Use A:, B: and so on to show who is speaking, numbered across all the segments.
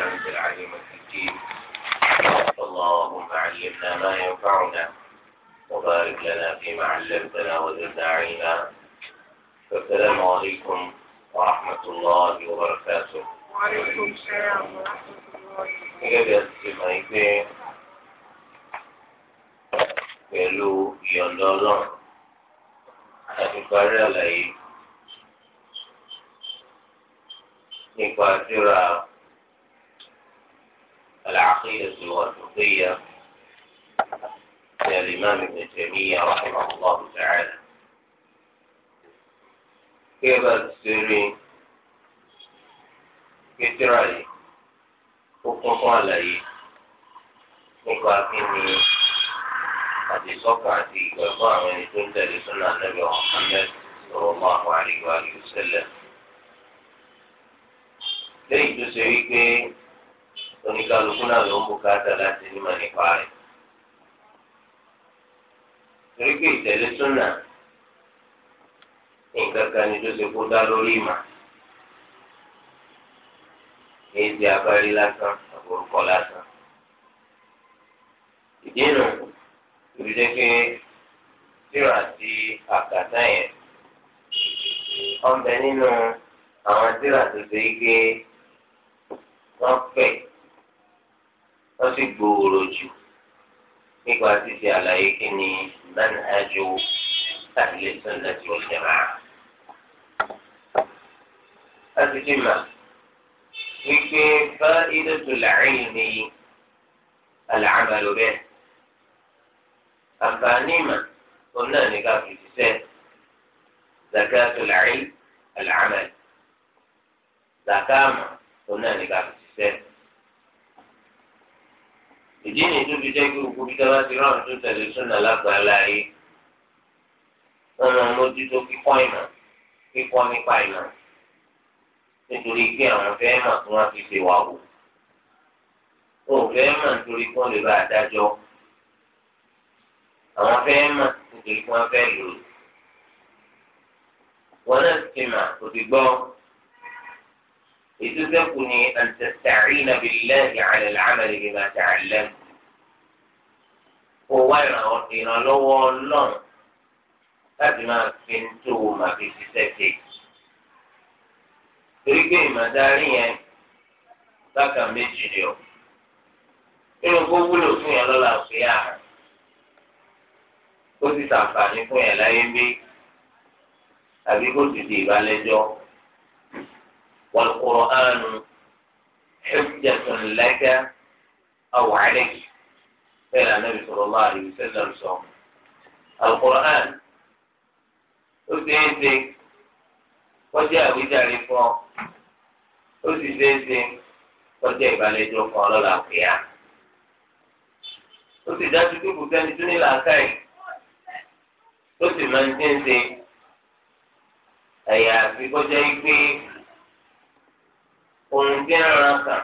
A: العلم العليم الحكيم اللهم علمنا ما ينفعنا وبارك لنا فيما علمتنا وزدنا علما السلام عليكم ورحمة الله وبركاته وعليكم السلام ورحمة الله وبركاته pẹ̀lú ìyọ̀ǹda ọlọ́run àti parí àlàyé nípa síra العقيدة والفقية يا الإمام ابن تيمية رحمه الله تعالى كيف تسيري كترالي وقفوا علي مقاتيني أدي صفعتي وقفوا من كنت لسنة النبي محمد صلى الله عليه وآله وسلم ليه تسيري oníkàlùkù náà ló ń bò káàtà láti nímọ̀ nípa rẹ̀. torí pé ìtẹ̀lé súnà nǹkan kan ni tó ṣe kó dá lórí ìmọ̀ èyí ti abárí lásán àbòrúkọ lásán. ìdí nù ìrìjẹ́ pé tíra àti àkàtà yẹn ọ̀nbẹ nínú àwọn tíra tó ṣe é gé wọ́n pẹ̀ wọ́n sì gbòòrò jù nípa títí àlàyé kí ni manhajú ahli sunnati wal jamaa. láti fi mà wípé fa'idatul ilmi al-amal bih àǹfààní mà òun náà ní ká fi ṣiṣẹ́ zakatul ilmi al-amal zakama òun náà ní ká fi ṣiṣẹ́ ìdí ni tó fi jẹ́ kí gbogbo bí dábàá ti ráhùn tó tẹ̀lé súnà lágbàlá yìí wọ́n máa mójútó kíkọ́ ìmọ̀ kíkọ́ nípa ìmọ̀ nítorí pé àwọn fẹ́ mà tí wọ́n fi ṣe wà wò ó fẹ́ mà nítorí kí wọ́n lè bá adájọ́ àwọn fẹ́ mà nítorí kí wọ́n fẹ́ lò wọ́n náà ti mà kò ti gbọ́. إذكني أن تستعين بالله على العمل بما تعلم ووانا إلى لو الله أدنى فنتوما في ستكي تريكي مداريا بكا مجديو inú kó wúlò fún yẹn lọ́la fún yà á kó sì sàǹfààní fún yẹn والقرآن حجة لك أو عليك إلى النبي صلى الله عليه وسلم صوم القرآن أزيزي وجاء بجاري فوق أزيزي وجاء بالجو قال لا قيام ó sì dájú pé kò sẹ́ni tó ní làákàyè tó sì òun gé ara kan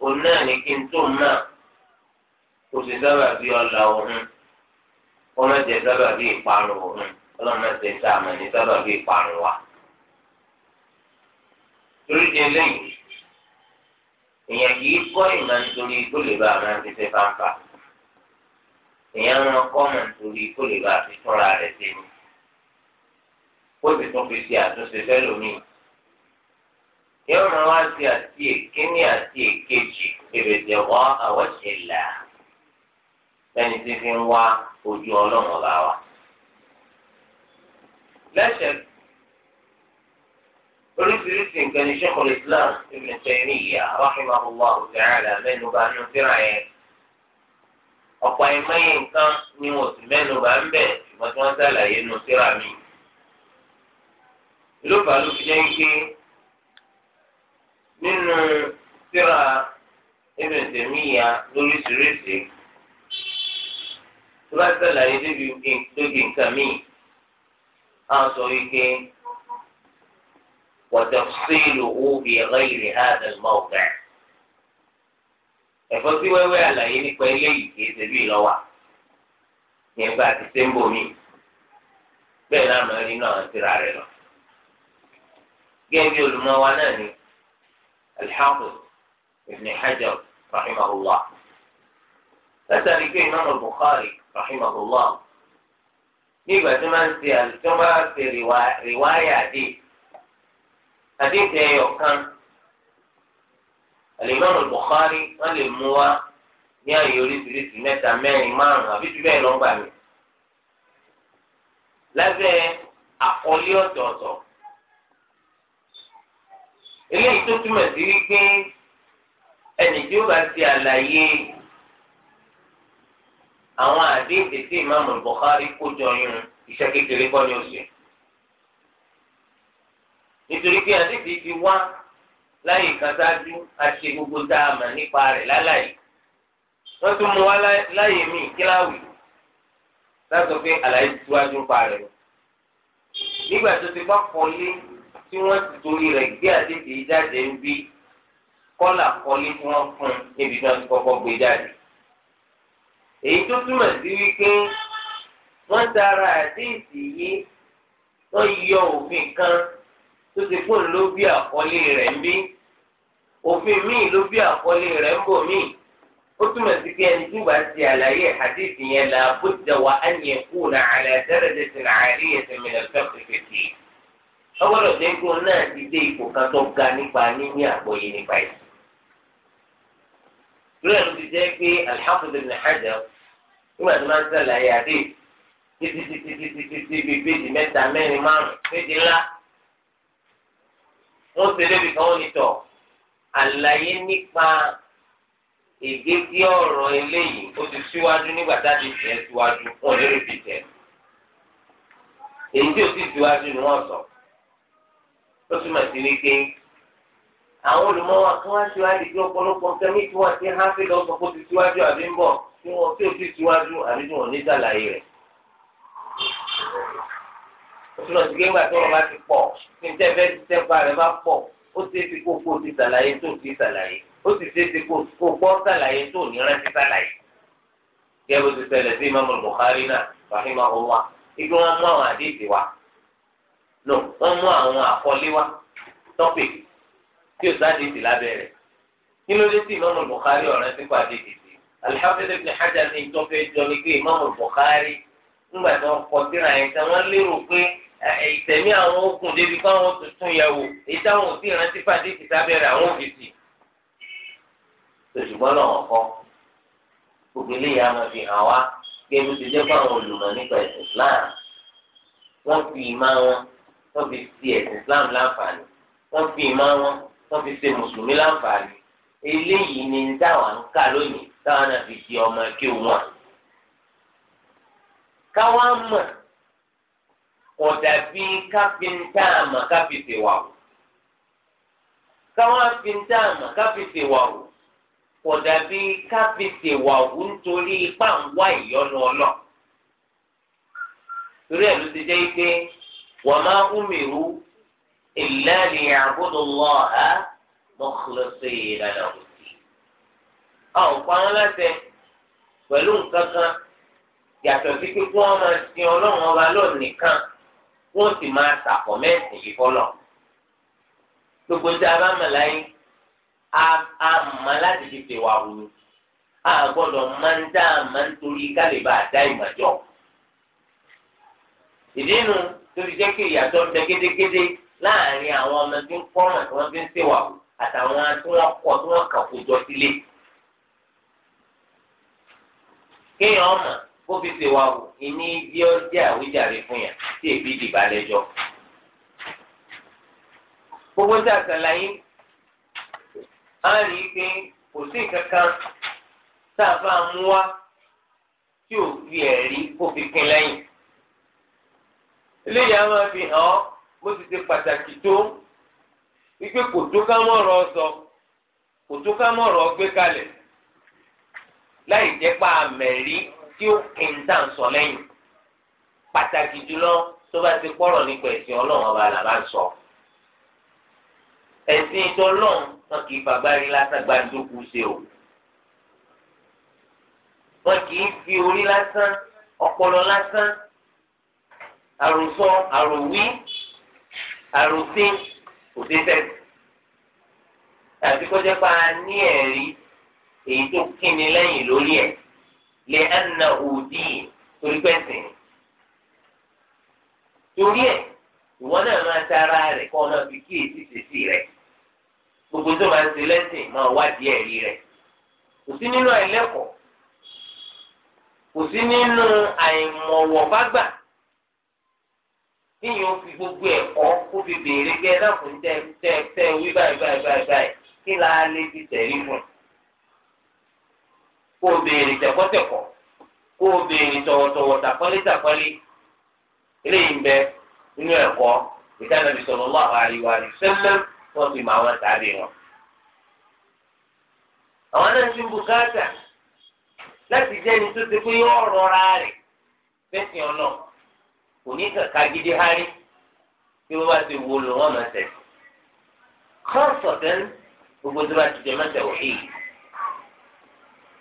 A: òun náà ní kí n tó náà kò sì sábà bí ọ̀la òun kó má jẹ sábà bí ìparun òun ọlọ́run má jẹ sáà mà ní sábà bí ìparun wa. torí di eléyìí èèyàn kì í kọ́ ìmọ̀ nítorí kó lè bá àwọn àfihàn fáńfà èèyàn wọn kọ́ mọ̀ nítorí kó lè bá àfihàn rẹ̀ sí ni kó sì tún fi ṣe àtúnṣe fẹ́ lómìn yóò máa wá sí àti èkíní àti èkejì bèbèdè wá àwọ̀ṣe là lẹ́ni tí fi ń wá ojú ọlọ́run ọba wa. lẹ́sẹ̀ oríṣiríṣi nǹkan ní sẹ́kọ̀ọ́ islam ibn Taymiyyah rahimahullahu ta'ala mẹ́nu bá nù síra yẹn. ọ̀pọ̀ ẹ̀mẹ́yìn nǹkan ni wọ́n sì mẹ́nu bá ń bẹ̀ ṣùgbọ́n tí wọ́n sàlàyé nù síra mi. ló bá fi jẹ́ pé. nínú síra Ibn Taymiya lóríṣiríṣi tó bá sàlàyé débi lóbi nǹkan míì á sọ wípé وتفصيله بغير هذا الموضع ẹ̀fọ́ sí wẹ́wẹ́ àlàyé nípa eléyìí kì í ṣe bí ìlọ́wà yẹn bá bẹ́ẹ̀ náà lọ. gẹ́gẹ́ bí náà الحافظ ابن حجر رحمه الله látàrí pé imáàmù Bukhari rahimahullah nígbà tí máa ń ṣe àlùfẹ́ máa ṣe rìwáyà àdé àdéhùn ẹyọ kan àlùmáàmù Bukhari wọ́n lè mú wa ní ààyè oríṣiríṣi mẹ́ta mẹ́rin márùn-ún àbí jù bẹ́ẹ̀ lọ́ngbà mi lábẹ́ àkọlé ọ̀tọ̀ọ̀tọ̀ eléyìí tó túmọ̀ sí wípé ẹnì tí ó bá ti àlàyé àwọn àdéhùn tí ìmáàmù Bukhari kó jọ yún iṣẹ́ kékeré kọ́ ni ó ṣe nítorí pé àdéhùn ti wá láyé kan ṣáájú àṣe gbogbo tá a mọ̀ nípa rẹ̀ láláyé wọ́n tún mú wa láyé míì kíláwì láti sọ pé àlàyé ti wájú pa rẹ̀ nígbà tó ti bá pọ̀ lé tí wọ́n ti torí rẹ̀ gbé àdéhùn yìí jáde ń bí kọ́là kọ́lé tí wọ́n fún un níbi tí wọ́n ti kọ́kọ́ gbé jáde. èyí tó túmọ̀ sí wípé wọ́n tara àdéhùn yìí wọ́n yọ òfin kan tó ti fún un ló bí àkọ́lé rẹ̀ ń bí òfin míì ló bí àkọ́lé rẹ̀ ń bò míì ó túmọ̀ sí pé ẹni tí wàá ti àlàyé hadith yẹn la bó ti dà wá á yẹ kú nà àlàyé dẹ́rẹ́dẹ́sì nà àlàyé yẹn tẹ̀mí nà fẹ́ pèsè tì í ọgbọ́dọ̀ jẹ́ kó náà ti dé ipò kan tó ga nípa níní àgbọ́yé nípa ẹ̀. Ìrẹ́ ló ti jẹ́ pé Al-Hafiz Ibn Hajar nígbà tó máa ń sàlàyé àdé títí títí títí títí bíi péjì mẹ́ta mẹ́rin márùn-ún péjì ńlá. Wọ́n ṣe lébi kan wọ́n ní tọ̀ àlàyé nípa èdè tí ọ̀rọ̀ eléyìí ó ti síwájú nígbà táàbí tiẹ̀ síwájú wọn lérò fi tẹ̀. Èyí tí ò sì síwájú ni wọ́n sọ tó sì máa ti rí pé àwọn olùmọ̀wá kí wọ́n ṣíwájú pé ọ̀pọ̀lọpọ̀ kẹ́mí tí wọ́n ti há sí lọ́sọ̀ kó ti ṣíwájú àbí ń bọ̀ tí wọ́n tí ò ti ṣíwájú àbí tí wọ́n ní sàlàyé rẹ̀. oṣù náà ti gé ńgbà tí wọ́n bá ti pọ̀ tí n tẹ́fẹ́ ti tẹ́fà rẹ̀ bá pọ̀ ó ṣe é ti kó kó ti sàlàyé tó ti sàlàyé ó sì ṣe é ti kó gbọ́ sàlàyé tó ní rántí sàlàyé. kí ẹ bó ti ṣẹlẹ̀ sí Imam Bukhari náà no wọ́n mú àwọn àkọlé wa topic tí o sáà dìtì lábẹ́rẹ̀ kí ló dé tí ìmọ̀mù Bukhari ọ̀rẹ́ ti pàdé dìtì Al-Hafiz Ibn Hajar ní ìtọ́fẹ́ jọ ní pé ìmọ̀mù Bukhari ńgbà tí wọ́n kọ síra yẹn tí wọ́n lérò pé ìtẹ̀mí àwọn okùn débi káwọn tuntun yẹ wò èyí táwọn òsì ìrántí pàdé dìtì lábẹ́rẹ̀ àwọn òfìsì tòṣùgbọ́n náà wọ́n kọ́ gbogbo eléyà máa fi hàn wá kí ebi ti dé fún àwọn olùmọ̀ nípa ìsìn Islam wọ́n fi ìmọ̀ wọn wọ́n fi ti ẹ̀sìn Islam láǹfààní wọ́n fi ìmọ̀ wọn wọ́n fi ṣe mùsùlùmí láǹfààní eléyìí ni dáwà ń kà lónìí táwọn náà fi di ọmọ kí wọn. káwá mọ̀ ọ̀dà a káfíńtà àmà káfíńtì wà wò káwá fíńtà àmà káfíńtì wà wò ọ̀dà bí káfíńtì wà wò nítorí ipá ń wá ìyọnu ọlọ́ torí ẹ̀ ló ti jẹ́ pé. وما أمروا إلا ليعبدوا الله مخلصين له الدين أو قال لك ولون كذا yàtọ̀ sí pé kí wọ́n máa sin ọlọ́run ọba lọ́ọ̀ nìkan wọ́n sì máa sàkọ́ mẹ́sìn yìí fọlọ́ gbogbo tí a bá mọ̀ láyé a mọ̀ láti fi tèwà wù ú a gbọ́dọ̀ máa ń dá a máa ń torí kálíbà dá ìmọ̀jọ́ ìdí nu tó fi jẹ́ kí ìyàtọ̀ ń bẹ gédégédé láàrin àwọn ọmọ tí ń kọ́ràn tí wọ́n fi ń ṣèwà àtàwọn tí wọ́n kọ́ tí wọ́n kà kó jọ sílé. kéèyàn ọmọ kó fi ṣèwà wò ìní bí ó jẹ́ àwíjàre fún yàn tí èbí dìbà lẹ́jọ́. gbogbo tí a ṣàlàyé á rí i pé kò sí nǹkan kan tá a bá mú wá tí ò fi ẹ̀rí kó fi pin lẹ́yìn eléyìí a máa fi hàn ọ́ bó ti ṣe pàtàkì tó wípé kò tó ká mọ̀rọ̀ sọ kò tó ká mọ̀rọ̀ gbé kalẹ̀ láì jẹ́ pa àmẹ̀rí tí ó kẹ̀ǹtà ń sọ lẹ́yìn pàtàkì jùlọ tó bá ti pọ̀rọ̀ nípa ẹ̀sìn ọlọ́run ọba làbá ń sọ ẹ̀sìn ìtọ́lọ́run wọn kì í fagbárí lásán gbàǹdókù ṣe o wọn kì í fi orí lásán ọpọlọ lásán àròsọ àròwí àròsí òde tẹsí àti kọjá pa ní ẹ̀rí èyí tó kíni lẹ́yìn lórí ẹ̀ lè ẹnna òdì torí pẹ̀sìn torí ẹ̀ ìwọ náà máa tara rẹ̀ kọ́ náà fi kí èsì sèṣì rẹ̀ gbogbo tó máa ń ṣe lẹ́sìn máa wádìí ẹ̀rí rẹ̀ kò sí nínú àìlẹ́kọ̀ọ́ kò sí nínú àìmọ̀wọ̀ bá gbà. kínyìn fi gbogbo ẹ̀kọ́ kó fi béèrè kí ẹ náà tẹ tẹ tẹ wí báyìí báyìí báyìí báyìí kí la lè fi tẹ̀lé fún kó o béèrè tẹ̀kọ́tẹ̀kọ́ kó o béèrè tọ̀wọ̀tọ̀wọ̀ tàpọ́lé tàpọ́lé eléyìí ń bẹ inú ẹ̀kọ́ wa sallam wọ́n fi mọ àwọn tàbí wọn. àwọn náà ti ń láti jẹ́ kò ní kàkà gidi hárí bí wọ́n bá ti wo lò wọ́n máa tẹ̀. kọ́sọ̀tẹ́n gbogbo tó bá ti jẹ mẹ́tẹ̀ wò hìí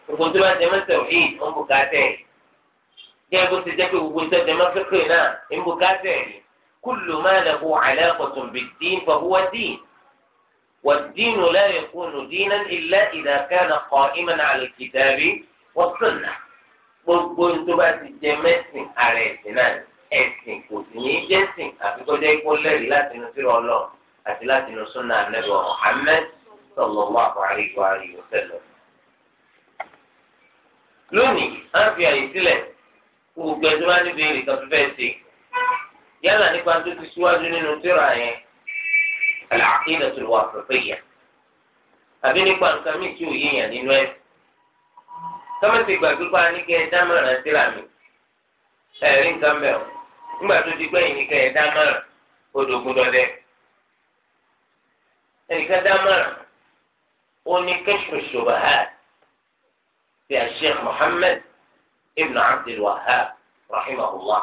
A: gbogbo tó bá ti jẹ mẹ́tẹ̀ wò hìí wọ́n bù káàtẹ́ bó ti jẹ́ pé gbogbo tó jẹ mẹ́tẹ̀ kékeré náà ń bù káàtẹ́ yìí. كل ما له علاقة بالدين فهو دين والدين لا يكون دينا إلا إذا كان قائما على الكتاب والسنة gbogbo ntoma ti jẹ mẹsìn ara ẹsìn náà ẹ̀sìn kò sì ní jẹ́ sìn àfi kó jẹ́ kó lẹ́rìí láti inú sí ọlọ́ àti láti inú súnà ànábì Muhammad sallallahu alaihi wa sallam. lónìí a ń fi àyè sílẹ̀ kó gbogbo ẹjọ́ bá níbi èrè kan fífẹ́ ṣe yálà nípa tó ti síwájú nínú tírà yẹn al-aqidatul wasatiyyah àbí nípa nǹkan míì tí ò nínú gbàgbé pa ní kí ẹ nígbà tó di pé ìnìkan ẹ̀ dámọ̀ràn ó dogun dọdẹ ẹnìkan dámọ̀ràn ó ní kẹ́sùn kashfu ha ti àṣẹ Muhammad ibn Abdul Wahhab rahimahullah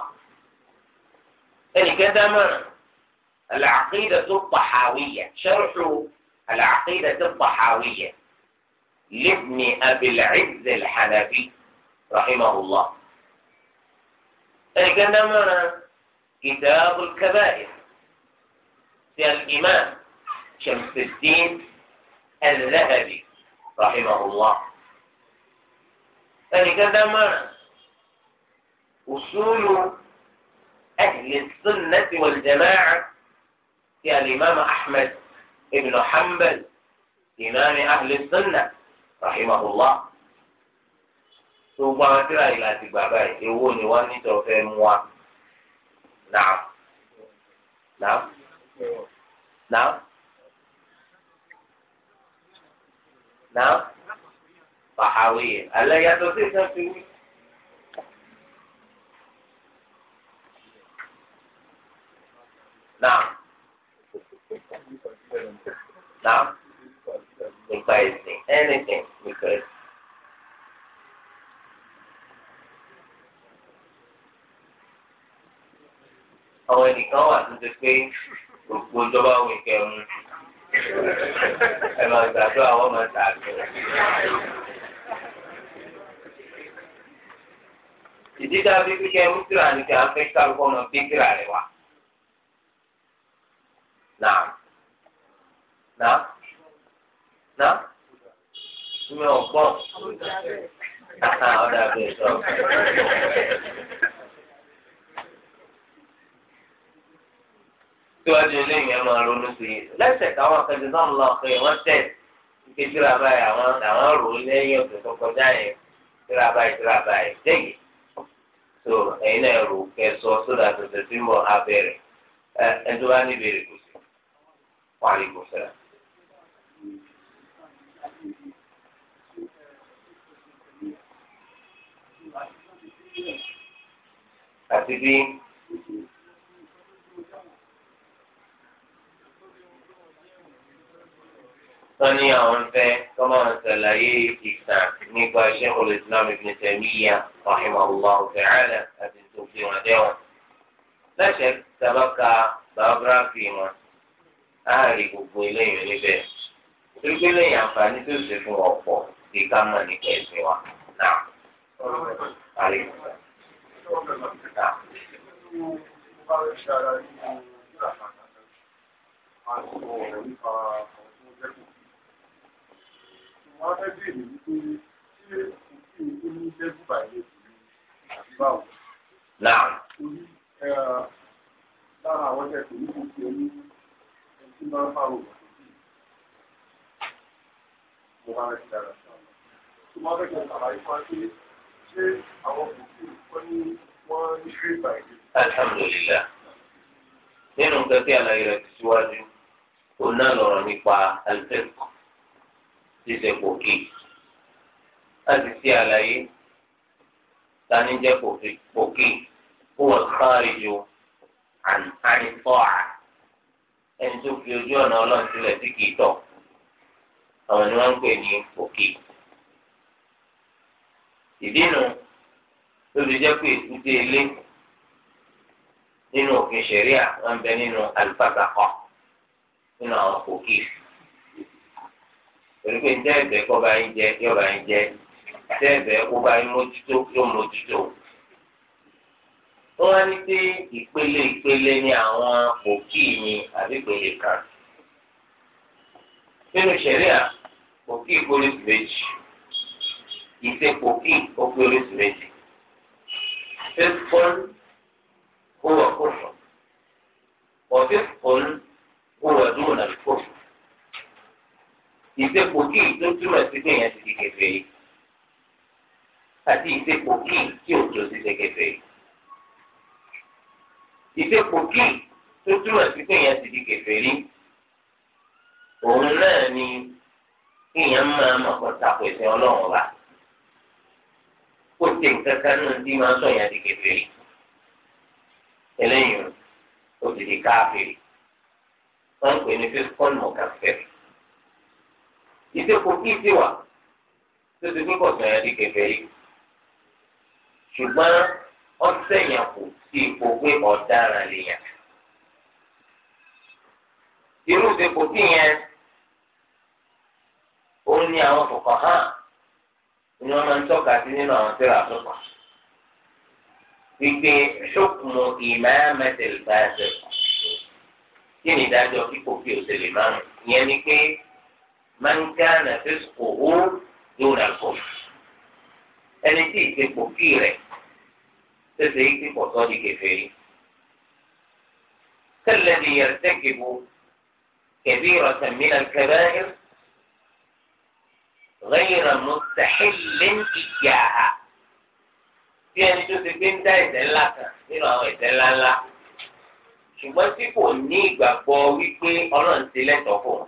A: ẹnìkan dámọ̀ràn tó at at-tahawiyya sharhu al-aqidatu at-tahawiyya libni Abil Izz rahim hanafi rahimahullah ẹnìkan dámọ̀ràn. كتاب الكبائر للإمام شمس الدين الذهبي رحمه الله فإن كذا ما أصول أهل السنة والجماعة في الإمام أحمد بن حنبل إمام أهل السنة رحمه الله ثم ترى إلى تبابا يقول وأنت تفهم نعم نعم نعم نعم طحاوية ألا يدرسين نفسه نعم نعم مقايسين anything مقايسين àwọn ẹnìkan wà tó ṣe pé gbogbo ìjọba òun ìkẹrùn ẹ máa ń gbàgbọ́ àwọn máa ń tààgbọ́. ìdí tá a fi fi kẹ́ mútìrà ni kí a fẹ́ kálukọ́ ọmọ bíkìrà rẹ̀ wá. Nàá mi ò gbọ́ ọ̀dà bẹ́ẹ̀ sọ. síwájú eléyìí ẹ máa ronú sí i lẹ́sẹ̀ káwọn akẹ́kọ̀ọ́ náà lọ pé wọ́n tẹ̀ ìkejìlá báyìí àwọn àwọn rò ó lẹ́yìn ọ̀sẹ̀ tó kọjá yẹn báyìí tíra báyìí dẹ́yìn tó ẹ̀yin náà rò kẹsọ sódà tètè tí mo ha ẹ ẹjọ́ bá níbi èrè kò wà á lè kò àti bí. sọ́ni àwọn fẹ́ kọ́mọ ṣàlàyé ìtàn nípa Sheikhul Islam Ibn Taymiyyah rahimahullah ta'ala àti tòkè wọn dẹ́wọ̀n. lẹ́sẹ̀ sábàkà biography wọn láàrin gbogbo eléyìí níbẹ̀ torípé lẹ́yìn àǹfààní tó ṣe fún ọ̀pọ̀ kí ká mọ̀ nípa ẹ̀sìn wa náà. Thank you wọ́n Nínú nǹkan tí àlàyé rẹ̀ ti síwájú, òun náà lọ̀rọ̀ nípa àlùfẹ́ẹ̀kọ́ ṣíṣe kòkì láti ṣe àlàyé tani jẹ kòkì kó wọn sáré ju àǹfààní tọ́à ẹni tó fi ojú ọ̀nà ọlọ́run sílẹ̀ tí kìí tọ̀ àwọn ni wọ́n ń pè ní kòkì. ìdí nu ló fi jẹ́ pé èkúté ilé nínú òfin ṣẹ̀ríà wọ́n ń bẹ nínú àlùfáàgbà kan nínú àwọn kòkì torí pé njẹ́ ẹ̀fẹ́ kọ́ bá yín jẹ yọ̀ bá yín jẹ njẹ́ ẹ̀fẹ́ kó bá yín mójútó yóò mójútó. wọ́n á ní pé ìpele ìpele ní àwọn òkì ni àbí ìpele kan. nínú ṣẹ̀ríà òkì ìpele méjì ìsepò kì ìpele méjì. fífún kó fífún kó wà dúró náà ìsepò kí tó túmọ̀ sí pé èèyàn ti di kẹfẹ́ yìí àti ìsepò kí tí ò tó ti di kẹfẹ́ yìí. ìsepò kí tó túmọ̀ sí pé èèyàn ti di kẹfẹ́ yìí òun náà ni èèyàn máa mọ̀ kó tako ìsìn ọlọ́run ọba kó tẹ̀ kankan náà tí máa sọ èèyàn di kẹfẹ́ yìí eléyìí ó ti di káàpì wọ́n ń pè ní fífọ́nù mọ̀kàfẹ́ ìsèkò kí ìsè wà tó ti pín kọ̀sán yẹn di kẹfẹ́ yìí ṣùgbọ́n ọ̀sẹ̀ yẹn kò sí ipò pé ọ̀daràn lèèyàn irú ìsèkò kí yẹn òun ni àwọn fòkàn hàn ni wọ́n máa ń tọ́ka sí nínú àwọn tẹ́lẹ̀ àtúnkà wípé ṣókùnmù ìmáàmẹ́tẹ̀lì bá ṣe kí ni ìdájọ́ kíkò kí o ṣe lè máa ìyẹn ni pé man kana fisquhu dúnà kò ẹni tí ìsepò kí rẹ̀ ṣẹṣẹ ìsì pọ̀tọ́ di kèfèrí kẹlẹ́dì yartakibu kabiratan min al-kaba'ir ghayra mustahillin iyyaha bí ẹni tó ti gbé ń dá ẹ̀ṣẹ̀ ńlá kan nínú àwọn ẹ̀ṣẹ̀ ńláńlá ṣùgbọ́n tí kò ní ìgbàgbọ́ wípé ọlọ́run ti lẹ́tọ̀ọ́ fún un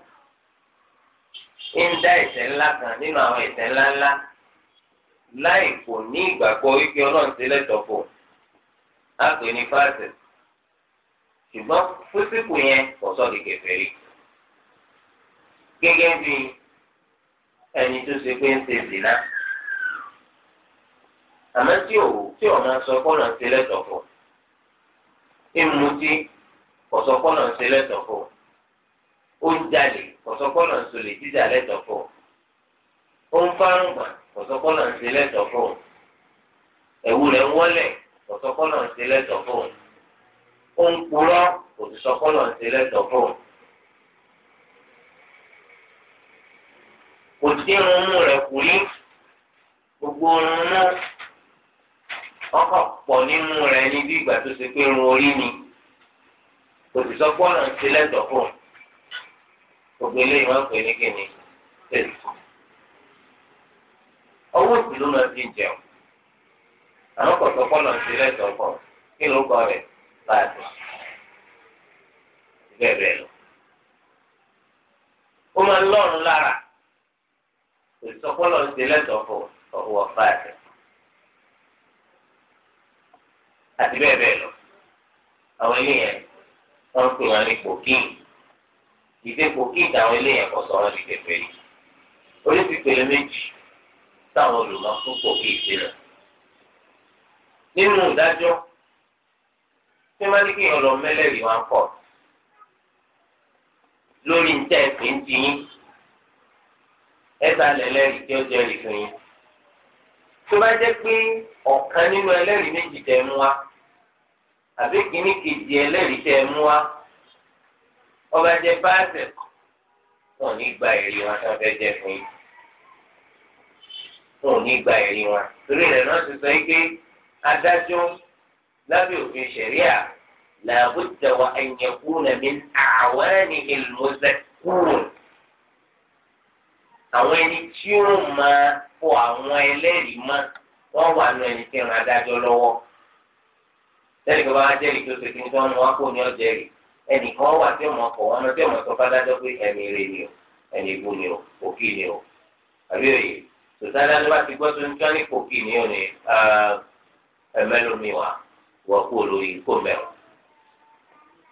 A: ń dá ẹ̀ṣẹ̀ ńlá kan nínú àwọn ẹ̀ṣẹ̀ ńlá ńlá láì kò ní ìgbàgbọ́ wípé ọlọ́run ti lẹ́tọ̀ọ́ fò á pè ní fáàsì ṣùgbọ́n físíkù yẹn kò sọ di kèfèrí gẹ́gẹ́ bí ẹni tó ṣe pé ń ṣe zìnà àmọ́ tí ò tí ò máa sọ kọ́nà ń ṣe lẹ́tọ̀ọ́ fò ń mutí kò sọ kọ́nà ń ṣe lẹ́tọ̀ọ́ fò ó ń jalè kọsọkọlọ ń sọlẹ jíjà lẹ́tọ̀ọ́ fún ó ń fárùngbà kọsọkọlọ ń ṣe lẹ́tọ̀ọ́ fún ẹ̀wù rẹ̀ ń wọlé kọsọkọlọ ń ṣe lẹ́tọ̀ọ́ fún ó ń purọ́ kọsọkọlọ ń ṣe lẹ́tọ̀ọ́ fún kò sí irun mú rẹ̀ kù rí gbogbo irun mú ọkọ pọ̀ nínú rẹ̀ ní bí ìgbà tó ṣe pé irun orí ni kò sì ń ṣe lẹ́tọ̀ọ́ gbogbo eléyìí wọn pè ní kíni tẹlẹ owó òsì ló máa fi jẹun àwọn kọ̀tọ̀ kọ́nà sí lẹ́sọ̀ kọ̀ kí ló kọ rẹ̀ báàdì bẹ́ẹ̀ bẹ́ẹ̀ lọ. ó máa ń lára òsìsọ kọ́nà ìgbéko kí ìdáwọn eléyàn kọ sọ̀rọ̀ ní kẹfẹ yìí oríṣi pèlè méjì táwọn olùmọ̀ fún kò kí ìdènà nínú ìdájọ́ tí wọ́n ní kí èèyàn lọ mẹ́lẹ́rìí wọn kọ̀ lórí níta ẹ̀sìn ń tiyín ẹ̀ta lẹ́lẹ́rìí tí ó jẹ́ ìfún yín tó bá jẹ́ pé ọ̀kan nínú ẹlẹ́rìí méjì tẹ̀ mú wa àbí kìíní kejì ẹlẹ́rìí tẹ̀ mú wa ọba jẹ báàsẹ̀ wọn ò ní gba èrè wọn tó fẹ́ jẹ fún yín wọn ò ní gba èrè wọn torí rẹ̀ náà ti sọ pé adájọ́ lábẹ́ òfin ṣẹ̀ríà làbújá wa ẹ̀yẹ̀kú nàmi àwọn ẹni ìlúmọ̀sẹ̀kúrò àwọn ẹni tí ó máa fọ àwọn ẹlẹ́rìí mọ́ wọ́n wà nù ẹni tí ń adájọ́ lọ́wọ́ lẹ́yìn tó kí ni tí wọ́n mú wá kó ní ẹnìkan wà tí ọmọ ọkọ wọn tí ọmọ sọ fádájọ pé ẹni rè ni o ẹni ìbú ni o òkì ni o àbí òye sòtálá ló bá ti gbọ́ tó ń tọ́ ní kòkì ni o ní ẹmẹ́lómi wa wọ́n kú olórí kó mẹ́rọ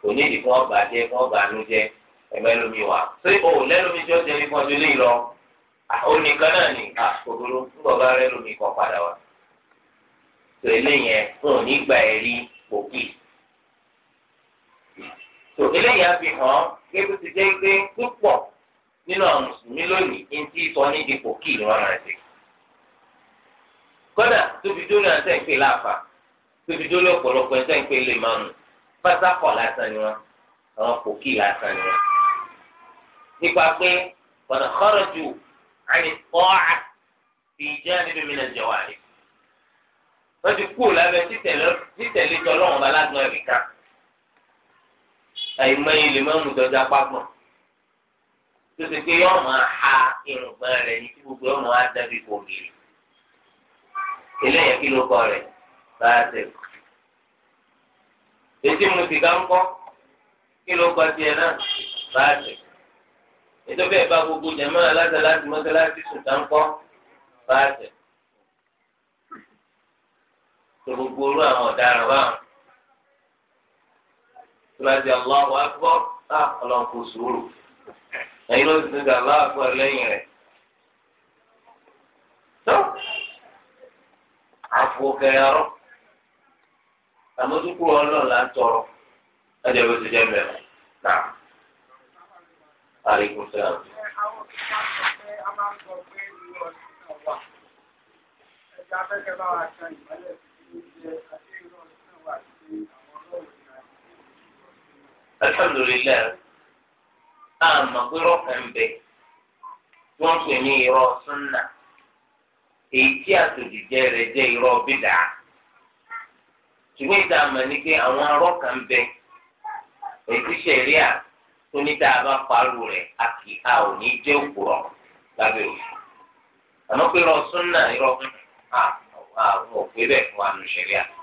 A: òní ìdí fún ọgbà jẹ fún ọgbà àánú jẹ ẹmẹ́lómi wa ṣé o ò lẹ́lómi jọ jẹ nípa ọdún lè lọ onìkan náà ní àkókòrò ńgbọ̀ bá rẹ́lómi kan padà wá tò eléyẹn fún òní gbà ẹ̀rí kòkì tó eléyìí àfi hàn gẹ́gẹ́ bí ti jẹ́ pé púpọ̀ nínú àwọn mùsùlùmí lónìí ń tí sọ ní dípò kí ìran rẹ̀ sí. kódà tóbi dúró náà sẹ́ǹpé láàfà tóbi dúró ọ̀pọ̀lọpọ̀ ẹ̀ sẹ́ǹpé lè máa mú pátákọ̀ lásán ni wọn àwọn kò kí lásán ni wọn. nípa pé ọ̀nà kọ́rọ̀jù àní ọ̀ọ́à fi jẹ́ níbi mi náà jẹ̀wá rẹ̀. wọ́n ti kú lábẹ́ títẹ̀lé tọ́lọ́wọ́n àìmọye lè máa mú dọjà papọ̀ tó ti pé yọ máa ha irùngbọ̀n rẹ̀ ní tí gbogbo ọmọ á dábì kò gèrè
B: eléyìí kí ló kọ
A: rẹ̀ bá a tẹ̀. etí mu sìgá ń kọ́ kí ló kọ tiẹ̀ náà bá a tẹ̀. ètò bẹ́ẹ̀ bá gbogbo jẹ̀mọ́ aláṣẹ́láṣí mọ́ṣáláṣí sùtà ń kọ́ bá a tẹ̀. gbogbo orú àwọn ọ̀daràn báwọn. tìlásì Allahu Akbar tá ah, ọlọ́nkù sùúrù ẹ̀yin ló ti ti dà Allahu rẹ̀ tó àfọ kẹyàrọ àmójúkúrò ọlọ́ọ̀lá tọrọ ẹ̀jẹ̀ bó ti jẹ́ mẹ́rin náà. Thank you. alhamdulilayi àmọ́ pé rọ́ọ̀kẹ́ ń bẹ mbe pè ní irọ́ súnà èyí tí àtòjìjẹ rẹ̀ jẹ́ irọ́ bídà ṣùgbọ́n ìta àmọ́ ni pé àwọn arọ́ọ̀kẹ́ ń bẹ èyí tí sẹ̀ríà tó rẹ̀ a kì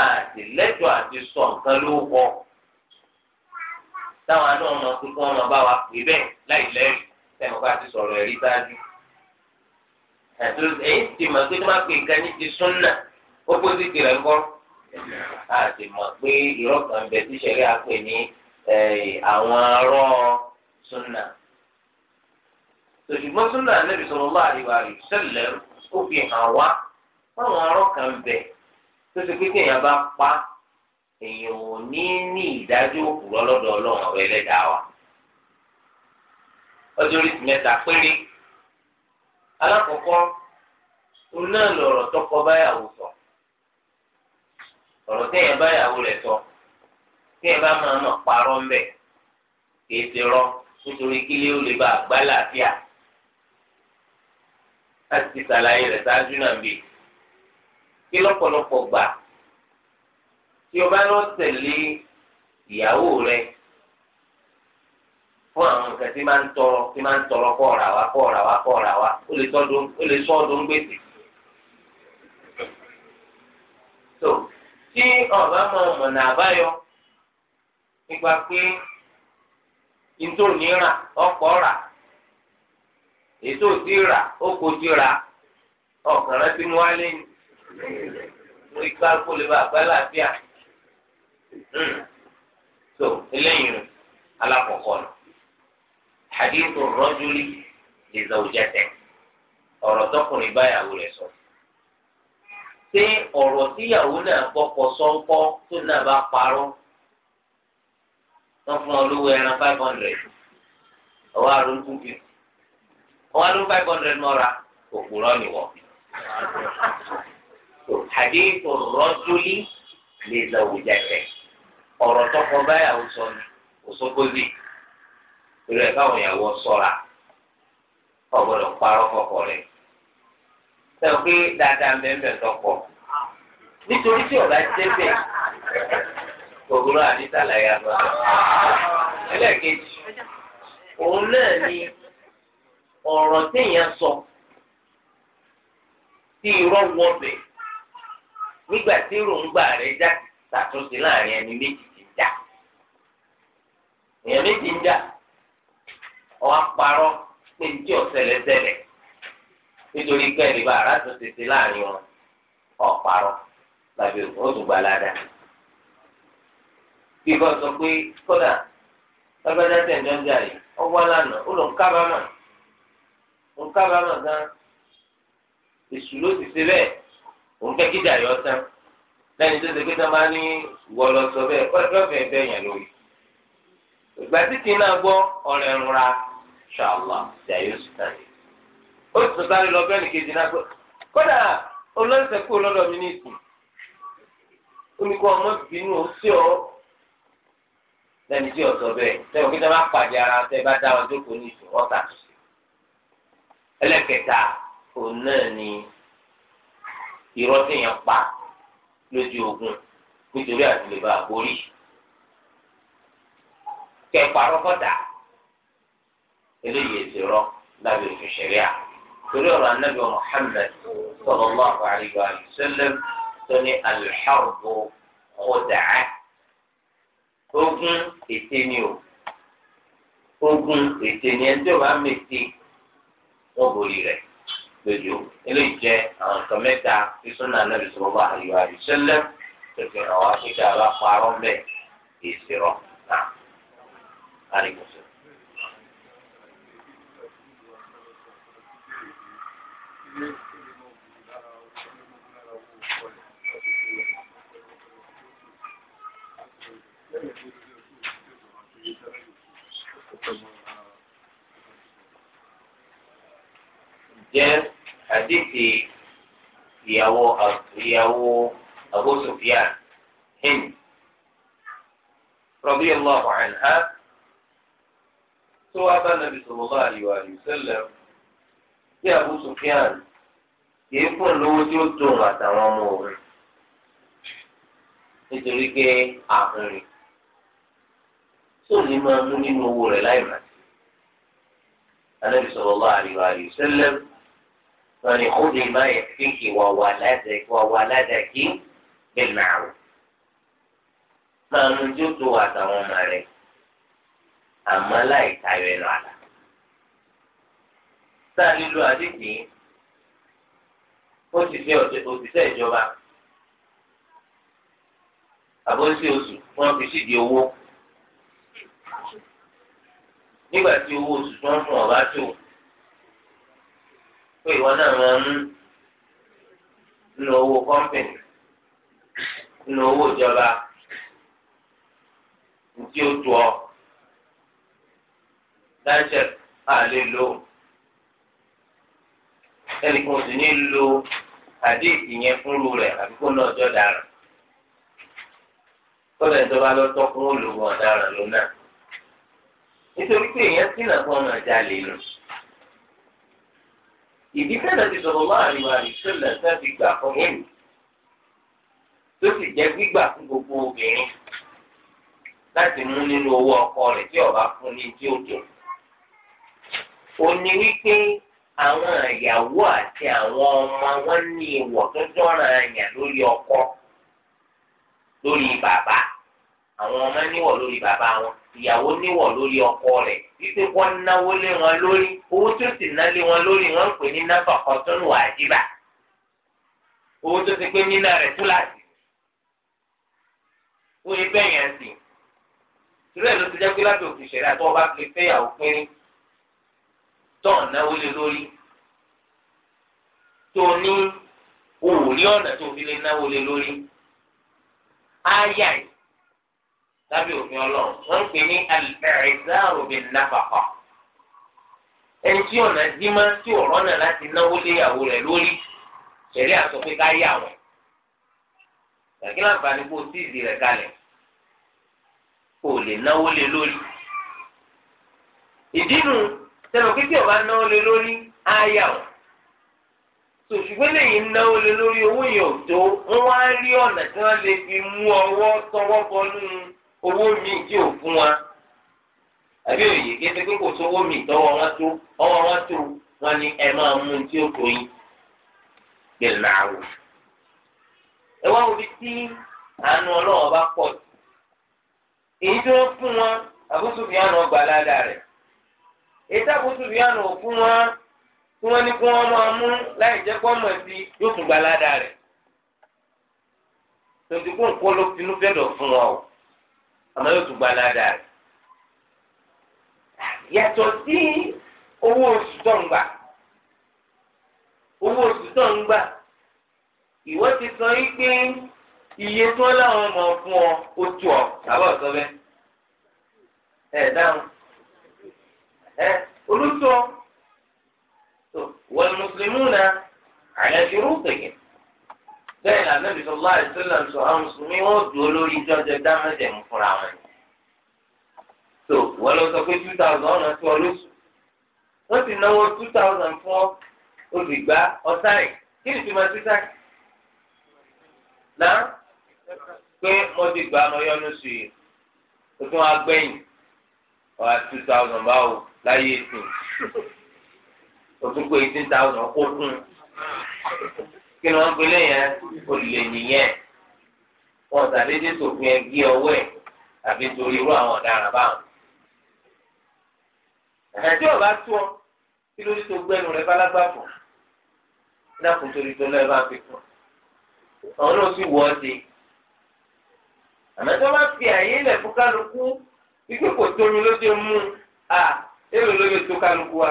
A: àti lẹ́tọ̀ àti sọ nǹkan ló wọ táwọn àna ọmọ tó kọ́ ọmọ bá wa pè bẹ́ẹ̀ láì lẹ́rù sẹ́mi bá ti sọ̀rọ̀ ẹ̀rí sáájú. èyí ti mọ̀ pé tó má pè nǹkan ní ti súnà ó kó sí tirẹ̀ ńkọ́ àti mọ̀ pé irọ́ kan bẹ tí sẹ́rí àpè ní àwọn arọ́ súnà. tòṣùgbọ́n súnà Ànábì sallallahu alaihi wa sallam ó fi hàn wá fáwọn arọ́ kan bẹ̀ tó ṣe pé kéèyàn bá pa èèyàn ò ní ní ìdájọ́ òkúrọ́ lọ́dọ̀ ọlọ́run ọ̀rọ̀ ẹlẹ́dàá wa ọjọ́ orí ti mẹ́ta péré alákọ̀ọ́kọ́ òun náà lọ̀rọ̀ tọkọ báyàwó sọ ọ̀rọ̀ téèyàn báyàwó rẹ̀ sọ téèyàn bá máa mọ̀ parọ́ ń bẹ̀ kìí ti rọ nítorí kílé ó lè bá àgbá làáfíà láti ti ṣàlàyé rẹ̀ ṣáájú náà bíi kí lọ́pọ̀lọpọ̀ gbà tí o bá lọ tẹ̀lé ìyàwó rẹ fún àwọn nǹkan tí máa ń tọrọ tí máa ń tọrọ kọ́ọ̀rà wa kọ́ọ̀rà wa kọ́ọ̀rà wa ó lè sọ ọdún ń gbèsè. tó tí ọba mọ ọmọnà àbáyọ nípa pé ntòní rà ọkọ rà ètò tí rà ó kojú rà ọkàn rántí mú wálé ni mo ipa kó lè bá àgbá láàbíà hmm. so eléyìí alákọ̀ọ́kọ́ nù hadithu rọ́júlì lè zàwùjẹ́tẹ̀ ọ̀rọ̀ tọkùnrin báyàwó rẹ̀ sọ. ṣé ọ̀rọ̀ tíyàwó náà gbọ́kọ̀ sọ́ńkọ́ tó náà bá parọ́ wọ́n fún ọ lówó ẹran five hundred ọwọ́ àrùn two fifty ọwọ́ àrùn five hundred mọ́ra òpùrọ́ nìwọ̀ hadith rọ́júlì lè zawùjẹ̀tẹ̀ ọ̀rọ̀ tọkọ báyàwó sọ ni òṣogbozi ìrẹ̀ káwọn ìyàwó sọ̀ra ọ̀gbọ́dọ̀ parọ́ kọkọ rẹ̀ sẹ́wọ́n pé dáadáa mẹ́mẹ́ tọkọ nítorí tí ọ̀la débẹ̀ gbogbo àdìsá làyè àgbàdo ẹlẹ́ẹ̀kejì òun náà ni ọ̀rọ̀ téèyàn sọ tí irọ́ wọ̀bẹ̀. nígbà tí èròǹgbà rẹ já ṣàtúnṣe láàrin ẹni méjì ti já èèyàn méjì ń já ọwọ́ parọ́ pé ní tí nítorí bá ara tó ṣèṣe láàrin wọn ọ̀parọ́ làbí sọ pé lágbájá ń ọwọ́ lánàá ó òun fẹ́ kí dàyọ̀ tán lẹ́yìn tó ṣe pé tó máa ní ìwọ lọ sọ bẹ́ẹ̀ ọ̀fẹ́ bẹ́ẹ̀ yẹn lórí. ìgbà tí kì í náà gbọ́ ọ̀rẹ́ ń ra ṣàlá dàyọ̀ sì tán yìí. ó sì tún sáré lọ bẹ́ẹ̀ nìkejì náà gbọ́. kódà olóńsẹ̀ kú lọ́dọ̀ mi ní ìsìn. ó ní kó ọmọ bínú ó sí ọ lẹ́yìn tí ọ̀sọ̀ bẹ́ẹ̀ tẹ́wọ̀n kí tó pàdé ara tẹ́ bá dá wọn jókòó ní ìsìn irọ́ téèyàn pa lójú ogun nítorí àtìlẹ́bà àkórí kẹparọ́ kọ́dà eléyìí èsì rọ lábẹ́ òfin ṣẹ̀ríà torí ọ̀rọ̀ anábì Muhammad sallallahu alaihi wa sallam tó ní alḥarbu kọ́dà ogun ète ni o ogun ète ni ẹjọ́ bá mètè wọ́n borí rẹ̀. lójú eléyìí jẹ àwọn nǹkan mẹ́ta tí súnà nàbì sọ̀rọ̀ bá àyọ àyè sẹ́lẹ̀ tó fi hàn wá pé kí bá parọ́ mbẹ́ èsì rọ̀ náà àríkùsọ. Yes. àdìsí ìyàwó ìyàwó Abu Sufyan Hind radiyallahu anha tó wá bá nàbì sallallahu alaihi wa sallam tí Abu Sufyan kìí fún lówó tí ó dùn àtàwọn ọmọ òun nítorí pé àhùnrin
B: tó ní máa mú nínú owó rẹ̀
A: láì mà sí. Ànábì sallallahu alaihi wa sallam sọ̀rọ̀ ìkúlẹ̀ máa yẹ fíkì wàwà ládàkí bẹ́ẹ̀ máa wò. máa nu tí ó tó àtàwọn ọmọ rẹ̀ àmọ́ láì tayọ ẹnu àlà. sáà lílo àdìsí ó ti fẹ́ òṣìṣẹ́ ìjọba àbọ̀sí oṣù wọn fi sídìí owó nígbà tí owó oṣù tí wọ́n fún ọba tó pé ìwọ náà máa ń lo owó kọ́mpìnì lo owó ìjọba tí ó tù ọ láìsẹ̀ á lè lo ẹnìkan sì ní lo àdéhìí yẹn fúnru rẹ̀ àbí kó náà jọ dára kọ́lá ìjọba lọ tọ́kùn olùwọ̀n ọ̀daràn lónà nítorí pé èèyàn sínà fún ọmọ ìjà lè ìdí tẹ́lẹ̀ ti sọ̀rọ̀ láàrin wa rí sílẹ̀ sẹ́ẹ̀tì gbà fún yín tó sì jẹ́ gbígbà fún gbogbo obìnrin láti mú nínú owó ọkọ rẹ̀ tí ọba fún ní tí ó dùn. ó ní wípé àwọn ìyàwó àti àwọn ọmọ wọn ní ìwọ̀ tó dọ́ràn àyàn lórí ọkọ lórí bàbá àwọn ọmọ níwọ̀ lórí bàbá wọn ìyàwó níwọ̀ lórí ọkọ rẹ̀ wípé wọ́n náwó lé wọn lórí owó tó sì ná lé wọn lórí wọ́n ń pè ní náfà kọ́tún wà àdìbà owó tó ti pé nínà rẹ̀ túláàsì ó yẹ bẹ́ẹ̀ yẹn sì ìrẹ́ ló ti jẹ́ pé láti òfin ṣẹ̀dá tó ọba fi fẹ́yàwó pínrín tọ̀ náwó lé lórí tó ní òòrí ọ̀nà tó fi lè náwó lé lórí ááyà yìí lábẹ́ òfin ọlọ́run wọ́n ń pè ní alìbẹ̀rẹ̀dáàrò bíi nàfàkà ẹni tí ọ̀nà dímá tí ọ̀rọ̀ náà láti náwó léyàwó rẹ̀ lórí ṣẹ̀rí àsọ pé ká yà wọ́n kàkí láǹfààní kó tíìzì rẹ̀ kalẹ̀ kó o lè náwó lé lórí ìdínú sẹ́nu tí ọba náwó lé lórí á yà wọ́n sòṣùgbọ́n lẹ́yìn náwó lé lórí owó yẹn ò tó wọ́n wá rí ọ̀nà tí wọ́n lè fi mú ọwọ́ tọwọ́ bọnú. owó mi o ò fún wa àbí òye kí ẹsẹ̀ pé sówó mi tọwọ́ wọn tó ọwọ́ wọn tó wọn ni ẹ máa mú tí o tó yín gbẹ̀lẹ́ o. ẹ wá wo bí tí àánú bá pọ̀ jù èyí tí fún wa, àbúṣù fi hàn ọgbà ládàá rẹ̀ èyí tí àbúṣù fi hàn òfún wọn tí wọ́n ní kí wọ́n máa mú láì jẹ́ kó mọ̀ sí yóò tún gbà o. àmọ́ yóò tún gba aládàá rẹ̀. yàtọ̀ sí owó oṣù tó ń gbà owó oṣù tó ń gbà ìwọ ti sọ yí pé iye tó láwọn ọmọ fún ọ ó tó ọ sábà sọ bẹ́ẹ̀ ẹ dáhùn ẹ olùtọ wal muslimuna ala shurutihim bẹ́ẹ̀ ni anabi sọ láì sílẹ̀ sọ àwọn mùsùlùmí wọn dùn olórí jọjọ dámẹ́jẹ̀ mú fúnra wọn. tó wọ́n lọ sọ pé two thousand ọ̀nà tí wọ́n lóṣù wọ́n ti náwó two thousand fún ọ olùgbà ọ̀sáì kí ni tí mo ti sáì. náà pé mo ti gbà mo yọ lóṣù yìí o tún wá gbẹ̀yìn ọ̀rá two thousand báwo láyé ètò o tún kó eighteen thousand kó kún un kí ni wọ́n gbélé yẹn olè nìyẹn wọn tàbí sòfin ẹ gé ọwọ́ ẹ̀ tàbí torí irú àwọn ọ̀daràn báwọn. ẹ̀jẹ̀ ọ̀bá tó ọ kí lórí tó gbẹ́nu rẹ̀ bálágbá fún dákun torí tó lọ́ọ́ bá fi fún àwọn náà sì wọ́ ọ́ sí. àmọ́ tí wọ́n bá fi àyè ilẹ̀ fún kálukú ikú kò tómi ló dé mú un à èrò ló yẹ tó kálukú wa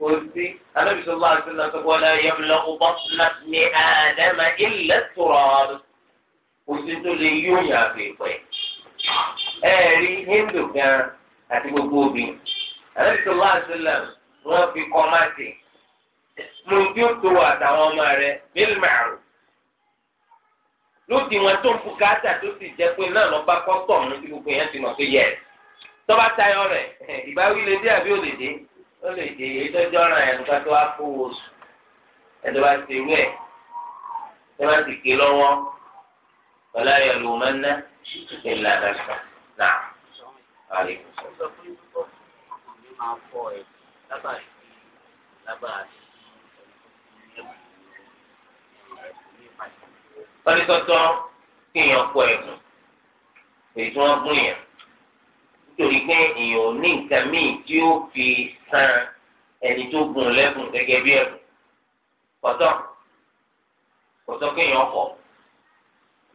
A: kò sí anábì sọlá àti nàkàbọ la yẹmúlẹ ọgbọ ní àdàmà ilẹ tọrọ kò sí tó lè yí òyìn àgbègbè ẹ rí hindu gan àti gbogbo obìnrin anábì sọlá àti nàkàbọ wọn fi kọ́ máa tè lóun tí ó tó àtàwọn ọmọ rẹ bíl mẹ́rù lóòtì wọn tó ń bùkátà tó sì jẹ pé náà lọ́ba kọ́tọ̀ ọ̀nà tí gbogbo yẹn ti mọ̀ pé yẹ tọ́ba tayọ rẹ̀ ìbáwí lè dé àbí ò lè dé ó lè jẹ èyí tó jọra ẹnu ká tó wá kó o sùn ẹ̀dọ́ bá ti rú ẹ̀ ẹ bá ti ké lọ́wọ́ wọlé ayọ̀ ló máa ń ná ìlànà sàn náà. wọ́n ní tọ́tọ́ kéèyàn kọ ẹ̀bùn èyí tí wọ́n gún yẹn. torí pé èèyàn ò ní nǹkan míì tí ó fi san ẹni tó gùn lẹ́kùn gẹ́gẹ́ bí ẹ̀bùn kọ̀tọ́ kọ̀tọ́ kéèyàn kọ̀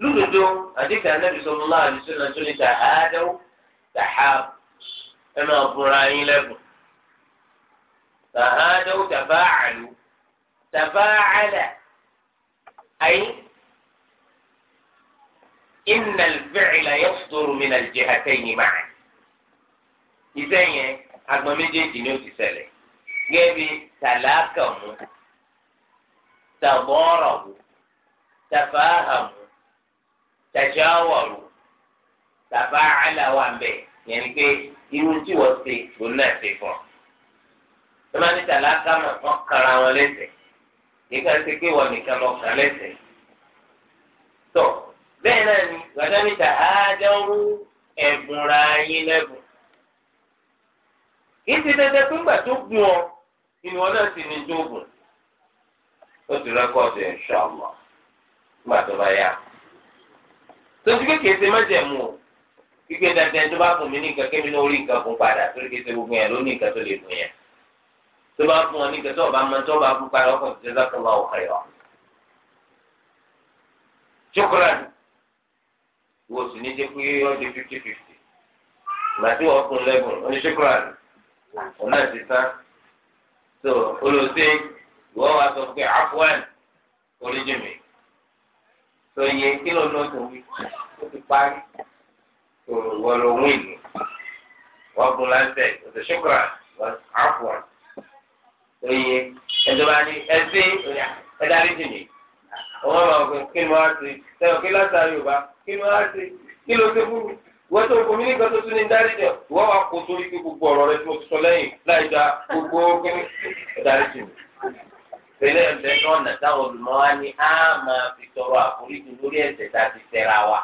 A: lúdòdó àdéhùn anábì sọ sallallahu alaihi wasallam tó ní ta àádáwó tàhá ẹ máa gunra yín lẹ́kùn. àádọ́wò lẹ́bùn tàhádàwó tàfáàlú àlà ayé innal fi'la yasduru minal jihatayni ma'a. iṣẹ́ yẹn agbọn méjèèjì ni ó ti ṣẹlẹ̀ gẹ́bí tàlákàmù tàbọ́ọ̀rọ̀wù tàfáhàmù tàjáwọ̀rù tàbáàlàwàmbẹ̀ yẹn ni pé irú tí wọ́n ṣe ló náà ṣe fún ọ. wọ́n máa ní tàlákàmù wọ́n kara wọn lẹ́sẹ̀ kí ká ṣe pé wọ́n nìkan lọ kàn lẹ́sẹ̀. tó bẹ́ẹ̀ náà ni gbàdámítà ádáwó ẹ̀bùnra yín lẹ́bùn. kìí ti dandan pé ńgbà tó gùn ọ ìwọ náà sì ní tó ó ti tó bá yá. kékeré ṣe o gbígbé dandan tó bá fún mi ní nǹkan kémi náà orí nǹkan fún padà torí kékeré gbogbo yẹn ló ní nǹkan ọba máa tó fún padà ọkàn tó ṣe sáfún wa ò wo sì ní jẹ́ pé ó di fifty fifty màtí òun náà ti sá so olùsè ìwọ wa sọ pé afuwan oríjì mi so iye kílò náà tó wí ó ti parí so ìwọ ló wí ni wọn gun lásẹ òtò ṣùkúrà wọn afuwan so iye ẹjọba ni ẹsẹ ẹdarí jì mí òun náà kí ni wọn á ti sẹwọn kí lásán yorùbá kí ni wọn á ti kí ló ti fún wọ́n tó kò mí ní gbàtọ́ tún ní dárí jẹ wọ́n wá kó sórí pé gbogbo ọ̀rọ̀ rẹ tí mo ti sọ lẹ́yìn láì da gbogbo kíní dárí jù. pẹ̀lú ẹ̀fẹ́ náà nà táwọn wa ní á máa fi tọrọ àforíjì lórí ẹ̀ṣẹ̀ tá a ti tẹ̀ra wa.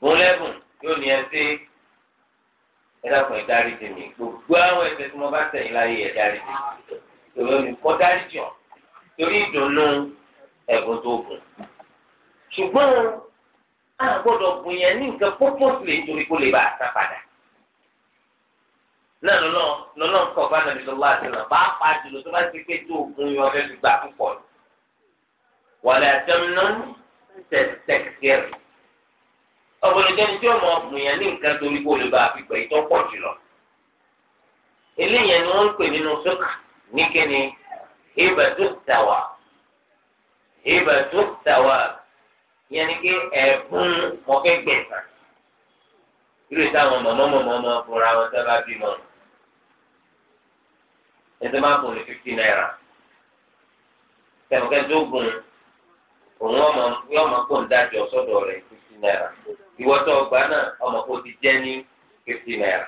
A: mo lẹ́bùn yóò ní ẹ ṣe ẹ dàpọ̀ ẹ dárí jù mí gbogbo àwọn ẹ̀ṣẹ̀ tí mo bá tẹ̀yìn láyé ẹ dárí jù mí tòun kọ́ dárí jù torí ìdùnnú ẹ̀bùn tó gùn ṣùgbọ́n a gbọ́dọ̀ gbìyàn ní nǹkan purposely nítorí kó lè bá a sá padà náà lọ́nà lọ́nà kọ̀ bá nàbí sọ́lá àti nà bá a pa jùlọ tó bá ti pé tó oògùn yọ ọbẹ̀ fi gbà púpọ̀ ni wàlẹ̀ àtẹnudọ́ tẹ̀tẹ̀kẹ̀rẹ̀ ọ̀gbọ̀nìkẹ́ni tí ọmọ gbìyàn ní nǹkan torí kó lè bá a fi gbà ìtọ́ pọ̀ jùlọ eléyẹn ni wọ́n ń pè nínú sọ́kà ní kíni ìbàdó tàwa ìbàdó tàwa ìyẹn ni pé ẹ̀bùn mọ̀fẹ́ gbẹ̀sà irú ìtàwọn mọ̀mọ́mọ́mọ́ fúnra wọn sábà bímọ ẹsẹ̀ máa gùn ní fifty naira tẹ̀wọ́n kẹ́ńtì ogun òun ọmọ yóò máa kó ń dájọ́ sọ́dọ̀ rẹ̀ fifty naira ìwọ́tọ̀ ọgbà náà ọmọ kò ti jẹ́ ní fifty naira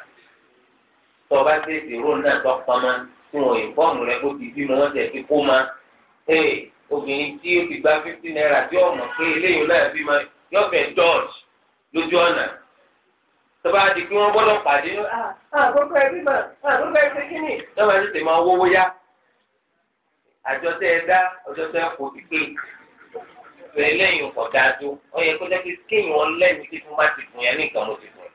A: tọba ṣe ìró náà tọpamọ tí wọn ìfọ́ọ̀mù rẹ kó ti bímọ wọn tẹ̀ fi kó ma ee obìnrin tí ó ti gba fifty naira tí ó mọ̀ pé eléyìí náà fi máa yọ fẹ́ dọ́ọ̀jì lójú ọ̀nà tọ́ba di pé wọ́n gbọ́dọ̀ pàdé ní ah, ah, àkókò ẹbí mà ah, àkókò ẹbí kíni. lọ́ba ti tèmi owó yá àjọ tẹ ẹ dá ọjọ́ tẹ ẹ kò sí pé ìfẹ́ eléyìí kò dáa tó ó yẹ kó jẹ́ pé kéèyàn ọlẹ́yìn tí fún bá ti fún yẹn nìkan ló ti fún yẹn.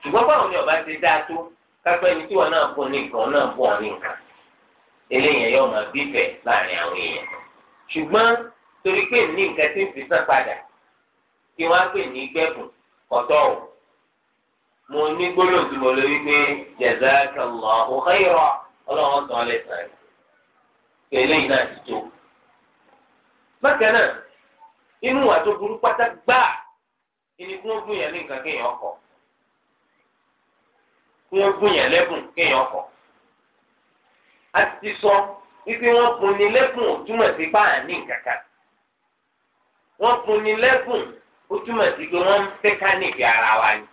A: ṣùgbọ́n báwo ni ọba ti dáa tó kápẹ́ tí wọn náà bọ̀ ní nǹkan náà bọ̀ ní nǹkan. eléyìí yóò máa bíbẹ̀ láàrin àwọn èèyàn ṣùgbọ́n torí pé ní nǹkan tí ń fi padà kí wọ́n á pè ní gbẹ̀bùn ọ̀tọ̀ o mo ní gbólóhùn tí mo lè pé sàn án lè sàn án náà ti tó. bákan náà inú wa tó burú pátá gbáà ìní kí wọ́n gún ní nǹkan kéèyàn kọ̀ kí wọ́n gún lẹ́bùn a ti sọ wípé wọ́n punni lẹ́kùn ó túmọ̀ sí páàní kankan wọ́n punni lẹ́kùn ó túmọ̀ sí pé wọ́n ń fẹ́ ká níbi ara wa ni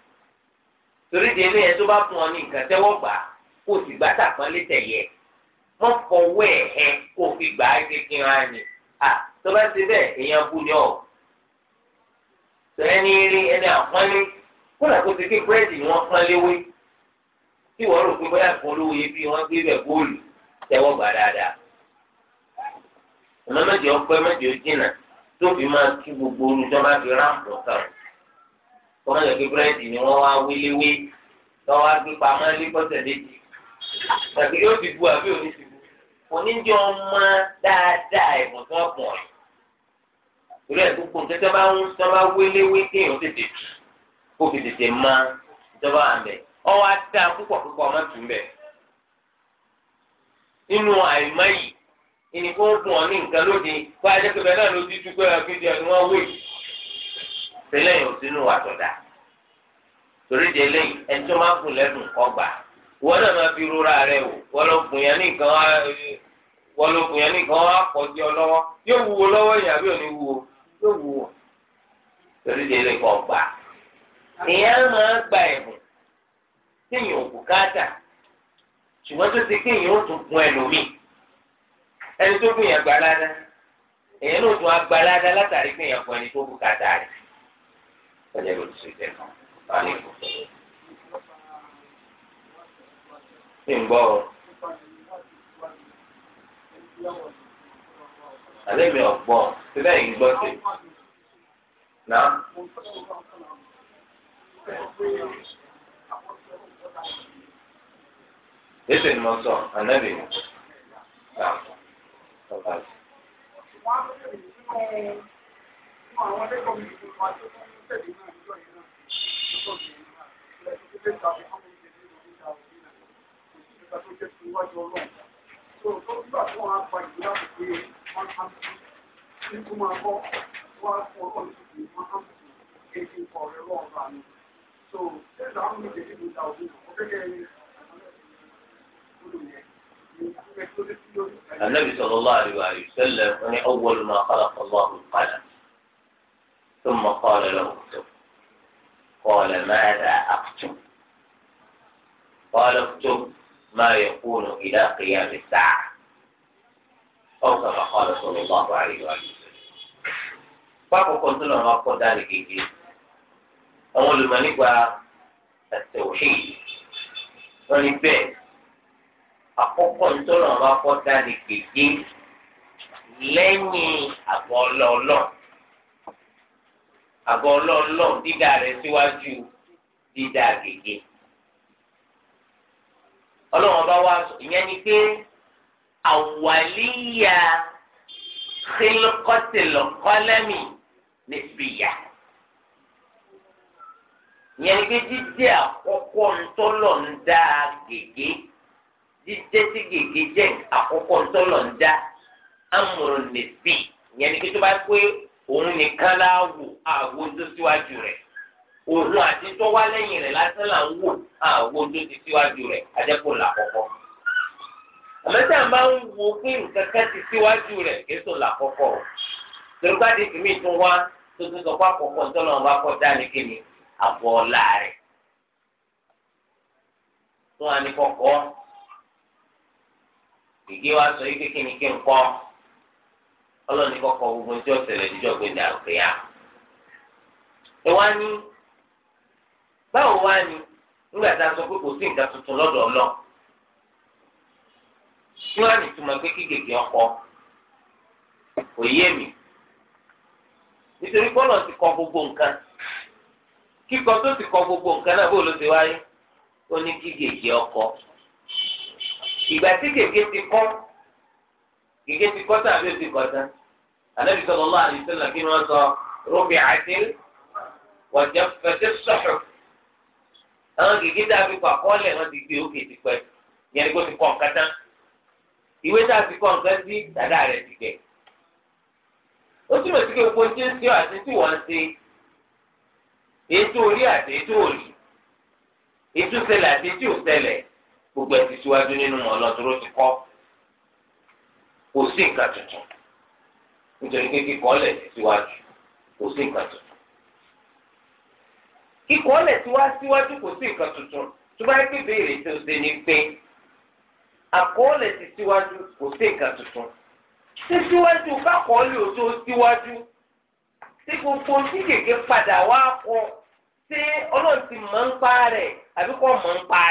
A: torí di eléyẹn tó bá fún ọ ní nǹkan tẹ́wọ́ gbà kó o sì gbà tàpọ́n létẹ̀ yẹ wọ́n fọwọ́ ẹ̀ hẹ́ kó o fi gbà á kékeré wá ni à tó bá ti bẹ́ẹ̀ èèyàn bú ni ọ̀ sẹ́ni rí ẹni àpọ́nlé kódà kó ti ké búrẹ́dì ni wọ́n pọ́n léwé tí wọ́n rò pé bóyá kan olówó yẹ bí wọ́n gbé bẹ̀ góòlù tẹ́wọ́ gbà dáadáa ọmọ méjì ọpẹ méjì ojìnà tó fi máa tú gbogbo olùjọ́ máa fi ráǹpù kan kọ́mọ́ yẹ kí búrẹ́dì ni wọ́n wá wéléwé lọ́wọ́ á gbé pamọ́ ilé kọ́sẹ̀ méjì tàbí yóò fi bu àbí òní ti bu oníjọ ọmọ dáadáa ẹ̀bùn tó ẹ̀ ẹ̀ gbogbo nǹkan tó bá ń tó bá kéèyàn tètè kó fi tètè máa púpọ̀ nínú àìmọ́ yìí ìní kó gùn ọ ní nǹkan lóde kó ajẹ́ pé náà ló ti wọ́n wé tẹ́lẹ̀ yóò sínú àtọ̀dá torí de lẹ́yìn ẹni máa gùn lẹ́dùn ọgbà wọ́n náà máa fi rora rẹ̀ wò yẹn lọ́wọ́ yóò wúwo lọ́wọ́ yìí àbí yóò wúwo torí ṣùgbọ́n tó ti pé èèyàn ó tún gun ẹlòmíì ẹni tó gun yẹn gbalada èèyàn ó tún agbalada látàrí pé èèyàn gun ẹni tó kú kàtà rẹ̀ ọjọ́ ìlú ti tẹ̀ kàn wọ́n ní kò. ṣé ń gbọ́ ọ?
B: àlẹ́ mi ọ̀gbọ́n yìí gbọ́ sí
A: náà lẹ́sẹ̀ ni sọ ànábì mi. So, there's how النبي صلى الله عليه وسلم أن أول ما خلق الله القلم ثم قال له اكتب قال ماذا أكتب قال اكتب ما يكون إلى قيام الساعة أو كما قال صلى الله عليه وسلم فأقول كنت ما أقول ذلك إيه أقول من نقوى التوحيد ونبيه àkọ́kọ́ ntọ́nà bá kọ́ dání kéde lẹ́yìn àgọ́ ọlọ́ọ̀lọ́ àgọ́ ọlọ́ọ̀lọ́ dídá rẹ̀ síwájú dídá kéde ọlọ́wọ́n bá wá sọ ìyẹn ni pé àwàlíyà kílọ́kọ́tìlọ́kọ́lẹ́mì nísìbìyà ìyẹn ni pé dídí àkọ́kọ́ ntọ́lọ̀ ń dá gègé jíjẹ́ sí gègé jẹ́ àkọ́kọ́ ńtọ́lọ̀ ń dá amòrò nìbí ìyẹn ni pé tó bá pé òun nìkan la wò àwo tó síwájú rẹ̀ òun àti tó wá lẹ́yìn rẹ̀ lásán là ń wò àwo tó ti síwájú rẹ̀ àjẹkù làkọ́kọ́ àmọ́tí à máa ń wo pé nǹkan kan ti síwájú rẹ̀ késo làkọ́kọ́ torí bá tìmí tún wá tó sọ pé àkọ́kọ́ ńtọ́lọ̀ ń kọ́ dání kí àbọ̀ ọ̀la rẹ̀ tó wà ní kọ́kọ́. gègé wa sọ yìí kékeré kí n kọ́ ọlọ́ọ̀ni kọ́kọ́ gbogbo ní tí ó ṣẹlẹ̀ níjọ́ ẹ wá ní báwo wá ní nígbà tá a sọ pé kò sí nǹkan tuntun lọ́dọ̀ ọlọ́ ọkọ kò yé mi nítorí ti kọ gbogbo nǹkan kíkọ tó ti kọ gbogbo nǹkan náà bó ló ti wáyé ọkọ ìgbà tí gègé ti kọ́ gègé ti kọ́ tàbí o ti kọ́ tán Ànábì sallallahu alaihi wasallam kí ni wọ́n sọ rubi'ati wa jaffati as-suhuf àwọn gègé dàbí pàkọ́lẹ̀ wọn ti gbé òkè ti pẹ́ yẹn ni kò ti kọ́ nǹkan tán ìwé tá a ti kọ́ nǹkan sí dàda rẹ̀ ti gbẹ. ó túmọ̀ sí pé gbogbo tí ń ṣe àti tí wọ́n ń ṣe ètò orí àti ètò òrì ètò ṣẹlẹ̀ àti ètò òṣẹlẹ̀ gbogbo ẹ ti síwájú nínú ọlọ́dúró ti kọ́ kò sí nǹkan tuntun nítorí pé kíkọ́lẹ̀ ti síwájú kò sí nǹkan tuntun kíkọ́lẹ̀ ti wá síwájú kò sí nǹkan tuntun tó bá yẹ kí béèrè tó ṣe kò sí nǹkan tuntun síwájú kákọ́ọ́lẹ̀ ò tó síwájú gbogbo tí padà wá kọ ṣé ọlọ́run ti mọ̀ ń pa rẹ̀ àbí kò mọ̀ ń pa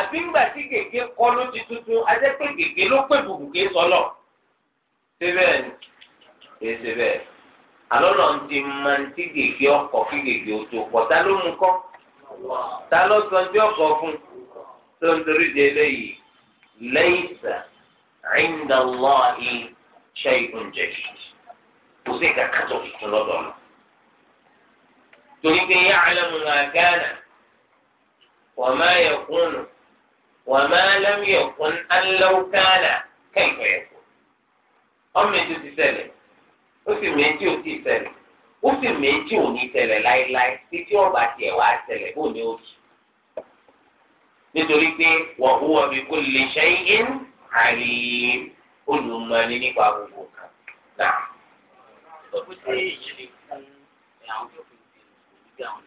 A: àbí ńgbà tí gègé kọ ló ti tuntun ajẹ́ pé gègé ló pè bùbùké sọlọ. ṣé bẹ́ẹ̀ ni ṣe ṣe bẹ́ẹ̀ alọ́lọ́ ń ti máa ń tí gègé ọkọ̀ kí gègé o tó pọ̀ ta ló mú kọ́ ta ló sọ tí ọkọ̀ fún tó ń torí de eléyìí laysa inda Allahi shay'un jadid kò sí ìka kátó tuntun lọ́dọ̀ lọ. torí pé ya'lamu ma kana wa ma yakunu. وما لم يكن أن لو كان كيف يكون ọmọ ètò ti ṣẹlẹ̀ ó sì méjì ò ti ṣẹlẹ̀ ó sì méjì ò ní ṣẹlẹ̀ láéláé títí ọba tiẹ̀ wá ṣẹlẹ̀ bó ní oṣù nítorí pé wa huwa bi kulli shay'in alim olùmọ̀ni nípa gbogbo kan náà. ọ̀pọ̀ tí ìyẹn lè fún àwọn tó fi ń ṣe ìgbà wọn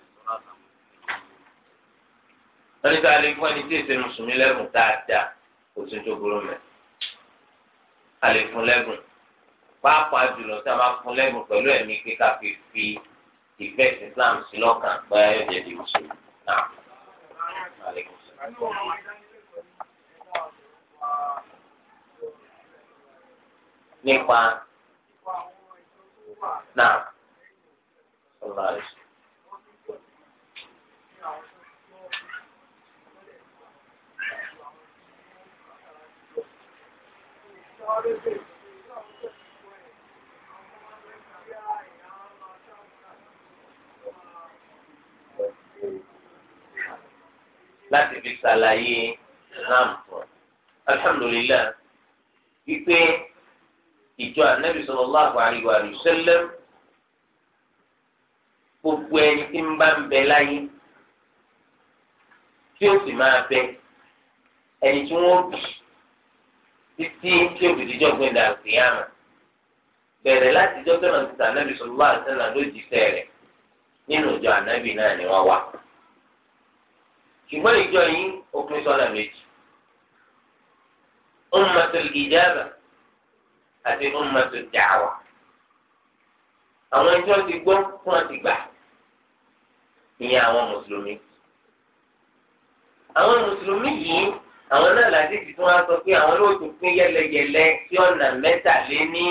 A: wọ́n ní ká lè fún ẹni tí èsè mùsùlùmí lẹ́gùn dáadáa kò sí tó burú mẹ́. a lè fún lẹ́gùn pàápàá jùlọ tá a máa fún lẹ́gùn pẹ̀lú ẹ̀mí pé ká fi fi ìfẹ́ Islam sí lọ́kàn pé ayọ̀ jẹ́ di mùsùlùmí náà. nípa náà. láti fi ṣàlàyé islam fún alhamdulilayi wípé ìjọ anabi sallallahu alaihi wa sallam gbogbo ẹni tí ń bá ń bẹ láyé tí ó sì máa bẹ ẹni tí wọn bì í títí tí o fìdí jọ gbẹdà àkìyàmà bẹ̀rẹ̀ láti jọ tọnà ti sànàbì sọlọ àtẹnà lójì tẹrẹ nínú ìjọ ànábì náà ni wọn wà ṣùgbọ́n ìjọ yìí ó pín sọ́nà méjì ummatul ijaba àti ummatud da'wa àwọn ìjọ ti gbọ́ fún àti gbà ìyẹn àwọn mùsùlùmí àwọn mùsùlùmí yìí àwọn náà làdíjì tí wọ́n sọ pé àwọn lóòótọ́ pín yẹlẹyẹlẹ sí ọ̀nà mẹ́tàléní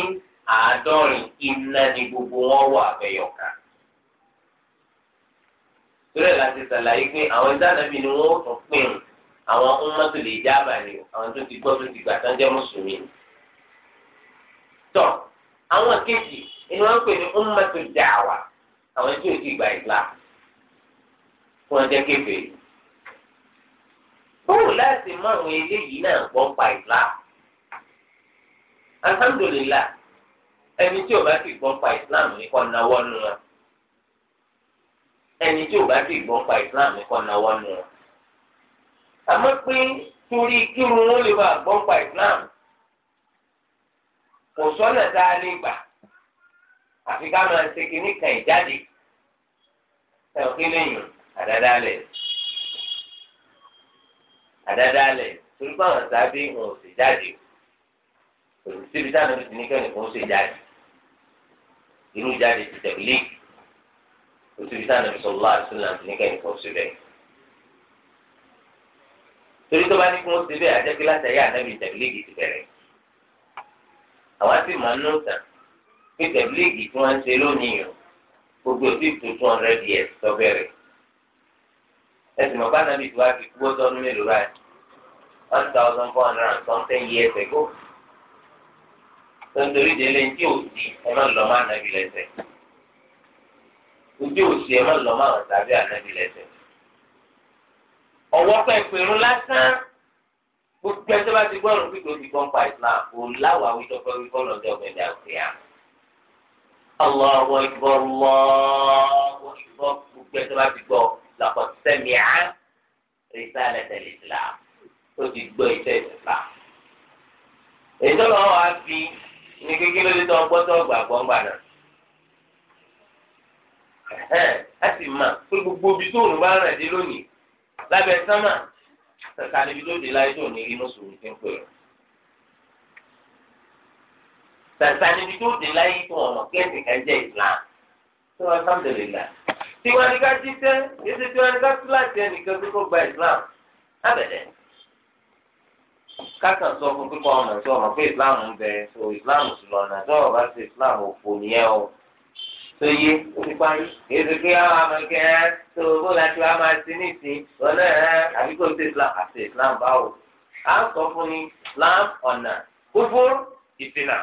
A: àádọ́rin iná ni gbogbo wọn wà àfẹyọ̀ká. sórí ẹ̀ láti ṣàlàyé pé àwọn ìdánábì ni wọ́n tún pín àwọn ọmọdé lè já àbàlẹ̀ àwọn tó ti gbọ́ tó ti gbà tán jẹ́ mùsùlùmí. tọ́ àwọn kejì ni wọ́n pè ní ọmọdé dàwà àwọn tí ò ti gbà ìgbà fún ọjọ́ kékeré. báwo láti mọ àwọn eléyìí náà gbọ́ pa ìlà alhamdulillah ẹni tí o bá ti islam ní kọ́ náwọ́ nù wọn ẹni o bá ti islam ní kọ́ náwọ́ nù wọn àmọ́ pé torí kírun islam kò sọ́nà tá a lè gbà àfi ká máa ṣe kínní kan ìjáde àdádálẹ̀ torí pé àwọn sábẹ́ wọn ò sì jáde kò sí síbi táwọn ọmọ ìdílé kẹ́hìn kò sì jáde irú jáde ti tẹ̀lé kò síbi táwọn ọmọ sọ̀rọ̀ láti sílẹ̀ ìdílé kẹ́hìn kò sí bẹ́ẹ̀. torí tó bá ní kí wọ́n ti bẹ́ẹ̀ àjẹ́kí láti ẹ̀yà ànábì tẹ̀bílíìgì ti bẹ̀rẹ̀ àwọn àti màá nù tàn pé tẹ̀bílíìgì tí wọ́n ń ṣe lónìí yàn gbogbo ètò ìtò two hundred years bẹ̀rẹ̀ ẹsìn ọba náà bíi tiwa kìí kúwọ́ sọ́dún mélòó báyìí one thousand four hundred and something years ago tontori délé ntí òsì ẹ má lọ́ máa nàbí lẹ́sẹ̀ ntí òsì ẹ má lọ́ máa wọ̀ tàbí ànábì lẹ́sẹ̀ ọwọ́ pẹ̀pẹ̀rún lásán gbogbo ẹjọ́ bá ti gbọ́rùn pípé ti gbọ́n pa islam kò láwàá wíjọ pé wíkọ́ lọ́jọ́ ọ̀gbẹ́ni àgbẹ̀yà.
B: Allahu akbar
A: Allahu akbar gbogbo ẹjọ́ bá ti gbọ́ laqad sami'a risalata al-islam ó ti gbọ́ iṣẹ́ islam. ètò lọ́wọ́ wa fi ní kékeré lórí tó gbọ́tọ̀ gbàgbọ́ gbà náà. a sì mọ̀ pé gbogbo ibi tó òun bá rìn dé lónìí lábẹ́ sánmà kàkà níbi tó dé láyé tó ní inú sùúrù ti ń pè é. sàǹsà níbi tó dé láyé tó ọ̀nà kẹ́sì kan jẹ́ islam tó wá sáǹdẹ̀lẹ̀ náà tiwọn ni ká jíṣẹ́ èsì tiwọn ni ká kíláàsì ẹnìkan tó kó gba islam lábẹ̀dẹ̀ kákan sọ fún pípa ọmọ tí ọmọ pé islam ń so islam sì lọ nà tí ọmọ bá islam òfò nìyẹn o tó yé nípa yìí èsì pé àwọn amẹkẹ tó bó láti wá máa ti ní ìsìn ọ̀nà ẹ̀ àbí kò sí islam àti islam báwo à ń sọ fún ni islam ọ̀nà kúfúrú ìsìnà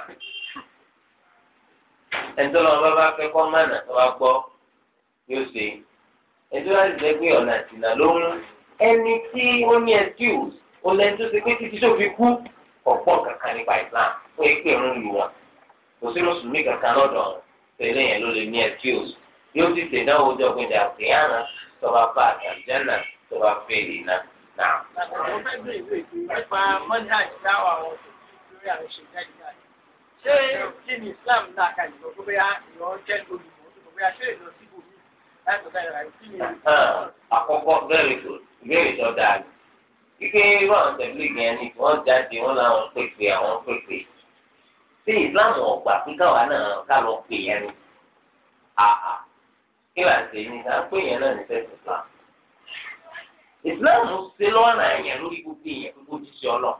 A: ẹ̀ńtọ́ lọ́wọ́ bá bá fẹ́ kọ́ mánà tó bá gbọ́ yóò ṣe ẹjọ́ láti jẹ́ pé ọ̀nà àtìlá ló ń ẹni tí ó ní excuse ó lẹ́ni tó ṣe pé títí tó fi kú ọ̀pọ̀ kankan nípa Islam fún ẹgbẹ́ ìrún lu wọn kò sí mùsùlùmí kankan lọ́dọ̀ tẹ̀lé yẹn ló lè ní excuse yóò ti ṣe náà ojú ọ̀gbìn dà sí àná tọba bá àtàjánà tọba náà. Náà. Nípa mọ́nà ìdáwà wọn Ṣé kí ni Islam náà kàlùkò àkọ́kọ́ uh, very good ìbéèrè tó dáa ike irú àwọn tẹ̀lé ìgbìyàn ni wọ́n jáde wọ́n láwọn pèpè àwọn pèpè ṣé ìsìláàmù ọ̀gbà pínkàwá náà ká lọ pè yẹn ni àhà kí wàá ṣe ní ká pè yẹn náà ní sẹ́sì islam ìsìláàmù ṣe lọ́wọ́ yẹn lórí gbogbo ìyẹn gbogbo jíṣẹ́ ọlọ́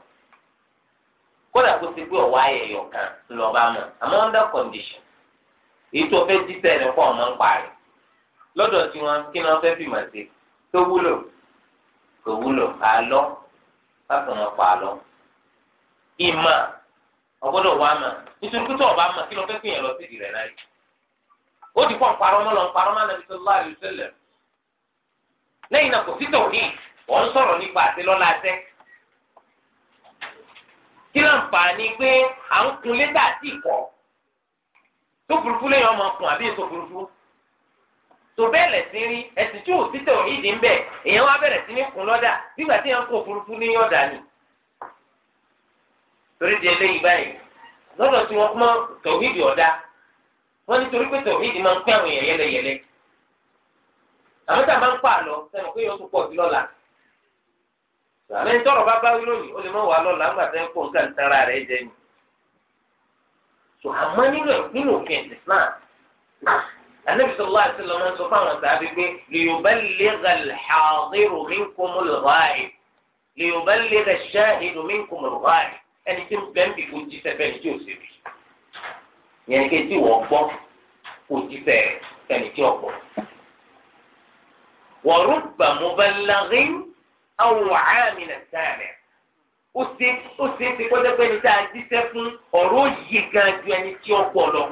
A: kódà kó ti gbé ọ̀wá ayẹyẹ kan lọ́ba mọ̀ àmọ́ under condition èyí tó fẹ́ lọ́dọ̀ tí wọn kí ni wọ́n fẹ́ fìmọ̀ sí tó wúlò kò wúlò àlọ́ bákan wọn pa àlọ́ ìmọ̀ ọgbọ́dọ̀ wà mà nítorí pé tó ọba mà kí lọ fẹ́ fìyàn lọ sí ìrẹ̀ náà ó ti pọ̀ parọ́ mọ́ lọ parọ́ mọ́ Ànábì sallallahu alaihi wasallam lẹ́yìn náà kò sí tòní wọ́n ń sọ̀rọ̀ nípa kí pé à ń kun tó burúkú lẹ́yìn ọmọ àbí burúkú. tó bẹ́ẹ̀ lẹ̀ rí ẹ̀sìn tí ò tẹ̀ òyìnbí ń bẹ̀ èèyàn wá bẹ̀rẹ̀ sí ní kùn lọ́dà nígbà òfurufú ní yọ̀dà ni. torí di eléyìí báyìí lọ́dọ̀ tí wọ́n mọ tọ̀hídì ọ̀dà wọ́n pé máa ń àwọn èèyàn yẹlẹyẹlẹ. àwọn tá a ń kọ́ àlọ́ sẹ́nu pé yóò tún lọ́la. bá النبي صلى الله عليه وسلم من سبحانه وتعالى ليبلغ الحاضر منكم الغائب ليبلغ الشاهد منكم الغائب ẹni tí ń bẹ ń bì kó jíṣẹ́ bẹ́ẹ̀ ni tí ò ṣe bì yẹn ké tí wọ́n gbọ́ kó jíṣẹ́ ẹni tí ò gbọ́. wa rubba muballighin aw 'amin ó ṣe é ṣe kó dẹ́gbẹ́ni tá a jíṣẹ́ fún ọ̀rọ̀ yìí gan ju ẹni tí ò gbọ́ lọ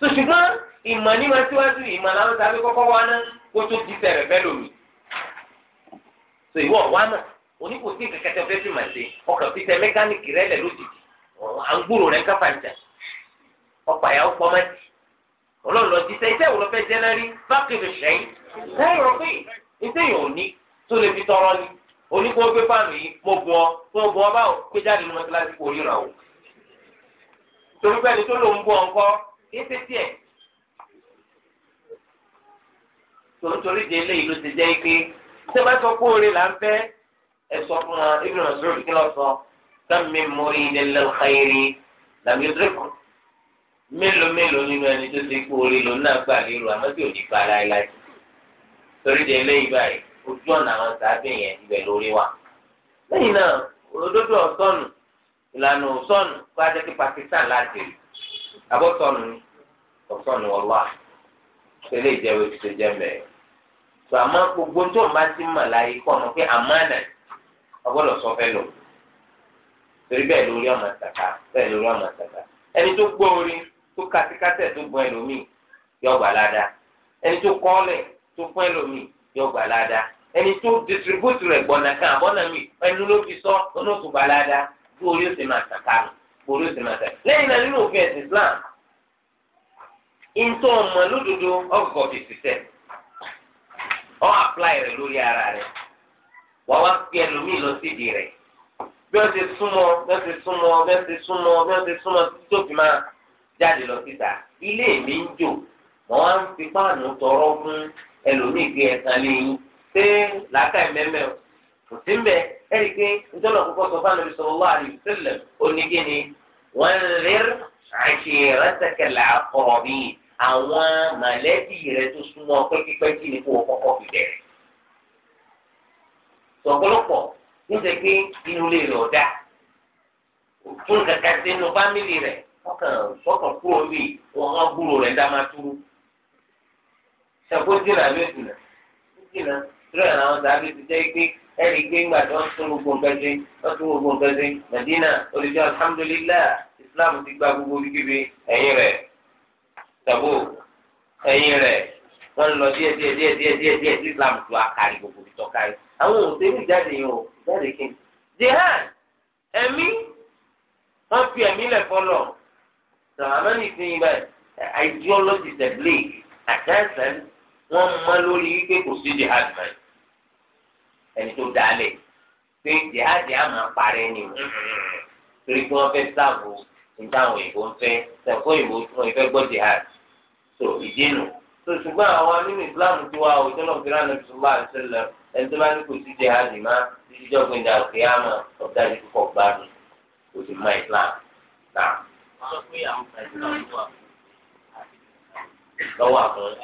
A: so ṣùgbọ́n ìmọ̀ ní wọn síwájú ìmọ̀ làwọn sábẹ kọ́kọ́ wá ná kó tó di sẹ̀rẹ̀ fẹ́ lómi so ìwọ wá mọ̀ oníkòsí kẹkẹtẹ fẹ́ fi mà ṣe ọkàn fi tẹ mẹkáníìkì rẹ lẹ lójijì à ń gbúrò rẹ ń kápá ìjà ọ̀pá ìyá ó pọ́nmọ́ ti ọlọ́run lọ jíṣẹ́ iṣẹ́ ìwòlọ́ fẹ́ jẹ́ lẹ́rí bákìrì sẹ́yìn lẹ́yìn rọ pé iṣẹ́ yìí kìí ṣe tiẹ̀. tòótórí di eléyìí ló ti jẹ́ pé ṣé bá sọ pé oore là ń fẹ́ ẹ sọ fún wa ibi rẹ̀ sọ̀rọ̀ kí lọ sọ sami mori ilẹ̀ lẹ́lẹ́kàyèrè làmì ìdúrẹ́kọ̀ mélòó mélòó nínú ẹni tó ṣe pé oore lòun náà gbà lérò àmọ́ tí ò ní para ẹ láti torí di eléyìí báyìí ojú ọ̀nà àwọn sábẹ́ yẹn ibẹ̀ lórí wa lẹ́yìn náà òdodo ọ̀sọ́nù ìlànà ọ̀sọ́nù kó ajẹ́ kí Pakistan láti rí abọ́sọ̀nù ni ọ̀sọ̀nù wọlá tẹ́lẹ̀ ìjẹ́wé ti ṣe jẹ́ mẹ́ẹ̀. tó àmọ́ gbogbo tó ń bá ti mọ̀ láyé kọ́ ọmọ pé àmánà ọgbọ́dọ̀ sọ fẹ́ lò torí bẹ́ẹ̀ lórí ọmọ tàkà bẹ́ẹ̀ lórí ọmọ tàkà ẹni tó gbọ́ orin tó katikatẹ̀ tó gbọ́ ẹlòmíì yọ gbà ládàá ẹni tó kọ́lẹ̀ tó fún ẹlòmíì yọ gbà ládàá ẹni tó distribute rẹ̀ gbọ̀nà kan ló fi sọ ọ̀nà òtún gbà ládàá bí orí ó sì máa tàkà nù. olóòtú máa tẹ̀lé lẹ́yìn náà nínú òfin ẹ̀sìn Islam ọmọ lódodo tẹ̀ ọ́ apply rẹ̀ ara rẹ̀ wà wá ẹlòmíì lọ rẹ̀ bí wọ́n ti súnmọ́ bí wọ́n ti súnmọ́ bí wọ́n ti súnmọ́ bí wọ́n ti súnmọ́ títí máa jáde lọ síta ilé mi ń jò mọ́ wá ń fi páànù tọrọ fún ẹlòmíì ẹ̀sán léyìn ṣé làákàyè mẹ́mẹ́ o kò sí وانذر عشيرتك الأقربين àwọn mọ̀lẹ́bí rẹ tó súnmọ́ pẹ́kípẹ́kí ni kó o kọ́kọ́ fi bẹ̀rẹ̀. sọ̀pọ̀lọpọ̀ níṣẹ́ pé inú lè rẹ̀ ọ̀dà òtún kankan sí inú fámìlì rẹ̀ fọkàn fọkàn kúrò bíi wọn á gbúrò rẹ̀ dá máa túrú. ṣàkóso ìlànà ìdìnnà ìdìnnà tó yàrá àwọn sábẹ́ ti jẹ́ pé ẹ̀rí pé ńgbà tí wọ́n tún gbogbo nǹkan ṣe wọ́n tún gbogbo nǹkan ṣe Madina olùjọ́ alhamdulillah Islam ti gba gbogbo bíkíbi ẹ̀yìn rẹ̀ tàbó ẹ̀yìn rẹ̀ wọ́n lọ díẹ̀ díẹ̀ díẹ̀ díẹ̀ díẹ̀ díẹ̀ tí Islam tún akárí gbogbo ìtọ́ kárí àwọn òṣèlú jáde yìí ò jáde kí n jihad ẹ̀mí wọ́n fi ẹ̀mí lẹ̀ fọlọ̀ sàmánà ìsinyìí báyìí ideology is a blake àtẹ́sẹ̀ wọ́n mọ lórí wípé kò sí jihad báyìí ẹni tó dalẹ̀ pé jihadi á máa parẹ́ ni torí pé wọ́n fẹ́ sáàbù nítawọn òyìnbó ń fẹ́ sẹ̀kọ́ òyìnbó wọn ìfẹ́ gbọ́ jihadi tó ìdínú tó ṣùgbọ́n àwọn nínú ìsìláàmù tí wàá òjò náà fìlà náà tó bá ṣẹlẹ̀ ẹni tó bá ní kò sí jihadi má títí jọ́gbìn ìdá òkè àmọ́ ọ̀gá ìdí púpọ̀ gbádùn kò sì mọ ìsìláàmù náà. lọ́wọ́ àwọn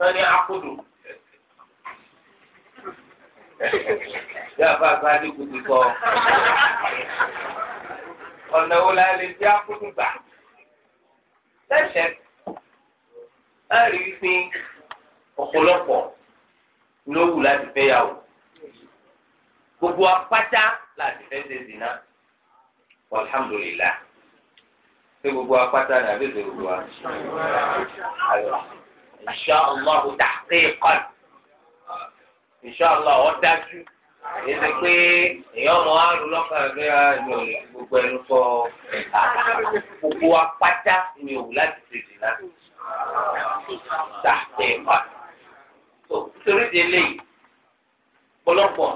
A: wọ́n ní akudu yàtọ̀ àgbàdo kutu kọ ọ̀nà wo la lè fi akudu gbà lẹ́sẹ̀ á rí i pé ọ̀pọ̀lọpọ̀ ló wù láti fẹ́ yàwó gbogbo apáta láti fẹ́ ṣe zina alhamdulilah ṣé gbogbo apáta ni àbí ṣe gbogbo wa insha Allah tahqiqan insha Allah ọ dájú èdè pé èèyàn mọ àrùn lọ́kàn ẹgbẹ́ àjọ ah, gbogbo ẹnu sọ gbogbo apáta ni òwú láti tètè náà tahqiqan tó torí di eléyìí pọ̀lọpọ̀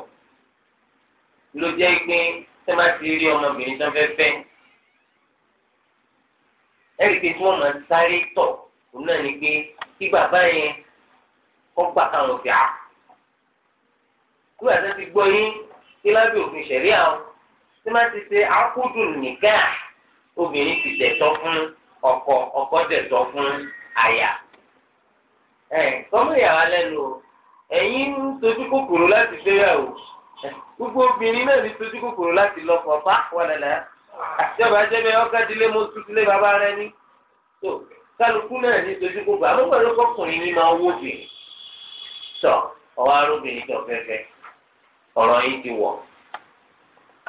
A: ló jẹ́ pé tẹ́ bá ti rí ọmọbìnrin tán fẹ́ fẹ́ ẹ̀rí pé tí máa ń sáré tọ̀ òun náà ni pé kí bàbá yẹn kọ́ gbà káwọn fi á kí bàbá ti gbọ́ yín kí lábẹ́ òfin ṣẹ̀rí àwọn tí má ti ṣe àkúdù nìkan obìnrin ti dẹ̀tọ́ fún ọkọ ọkọ dẹ̀tọ́ fún aya ẹ kọ́mọ ìyàwó lẹ́nu o ẹ̀yin ń sojú kòkòrò láti fẹ́yàwó gbogbo obìnrin náà ní sojú kòkòrò láti lọ fọ bá wọlé lẹ́yìn àti ọba jẹ́bẹ̀ ọ̀gádìlé mo tún sílé bàbá rẹ ní. kálukú náà ní sojú gbogbo àmọ́ pẹ̀lú ọkùnrin ní máa wó bì tọ ọwọ́ arúbìnrin tó fẹ́fẹ́ ọ̀rọ̀ yìí ti wọ̀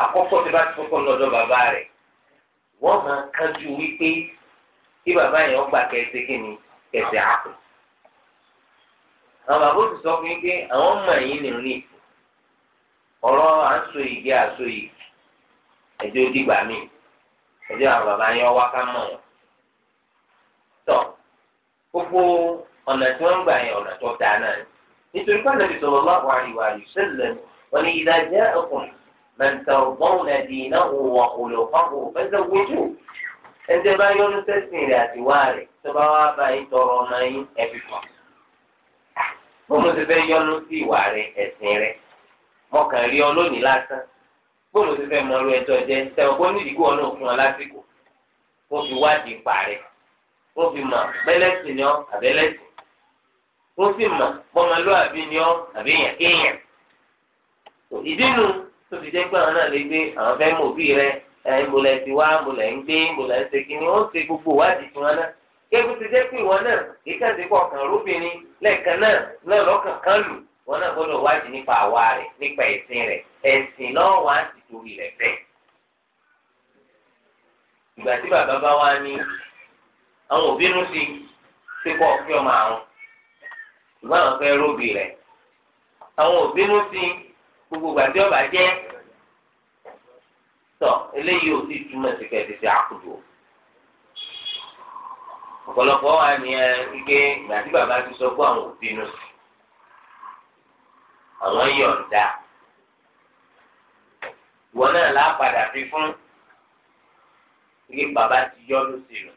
A: àkọ́kọ́ tí bá ti kọ́kọ́ lọ́dọ̀ bàbá rẹ̀ wọ́n máa kájú wípé kí bàbá yẹn kẹsẹ kí ni kẹsẹ àpò àwọn bàbá òsì sọ fún pé àwọn mọ ẹ̀yìn ní rìn ọ̀rọ̀ à ń so ìgbé gbogbo ọ̀nà tí wọ́n ń gbà yẹn ọ̀nà tó dáa náà ni nítorí pé ànábì sallallahu alaihi wa sallam wọn ni idha ja'akum man tardawna dinahu wa khuluquhu fazawwijuhu ẹ̀ńtẹ́ bá yọ́nú sẹ́sìn rẹ̀ àti wá rẹ̀ tó bá wá bá yín tọrọ ọmọ yín ẹ̀fí kan. bóun ti fẹ́ yọ́nú sí ìwà rẹ̀ ẹ̀sìn rẹ̀ mọ̀kàn rí ọ lónìí lásán bóun ti fẹ́ mọ ọ ó fi mà bẹ́lẹ́sì ni ọ́ àbẹ́lẹ́sì ó sì mà bọ́mọlúwàbí ni ọ́ àbí èèyàn kéèyàn. ìdí tó fi jẹ́ pé àwọn náà lè gbé àwọn fẹ́ mọ òbí rẹ ìmùlẹ̀ ti wá ìmùlẹ̀ ń gbé ìmùlẹ̀ ń ó gbogbo ìwádìí náà kébù ti jẹ́ pé ìwọ náà kì í kàdé wọn náà gbọ́dọ̀ wádìí nípa àwa rẹ̀ nípa ẹ̀sìn rẹ̀ ẹ̀sìn náà wà á torí rẹ̀ ìgbà tí àwọn òbí nu sí ṣé kọ́ fí ọmọ àwọn ìwé àwọn fẹ́ róbì rẹ̀ àwọn òbí nu sí gbogbo gbàdé ọba jẹ́ tọ eléyìí ò sì túmọ̀ sí kẹ́ẹ̀tì sí àkùdù ọ̀pọ̀lọpọ̀ wa ni ẹ ike gbàdí bàbá ti sọ fún àwọn òbí nu sí àwọn yọ̀ǹda ìwọ náà lápadà fi ike bàbá ti yọ́ lóṣèlú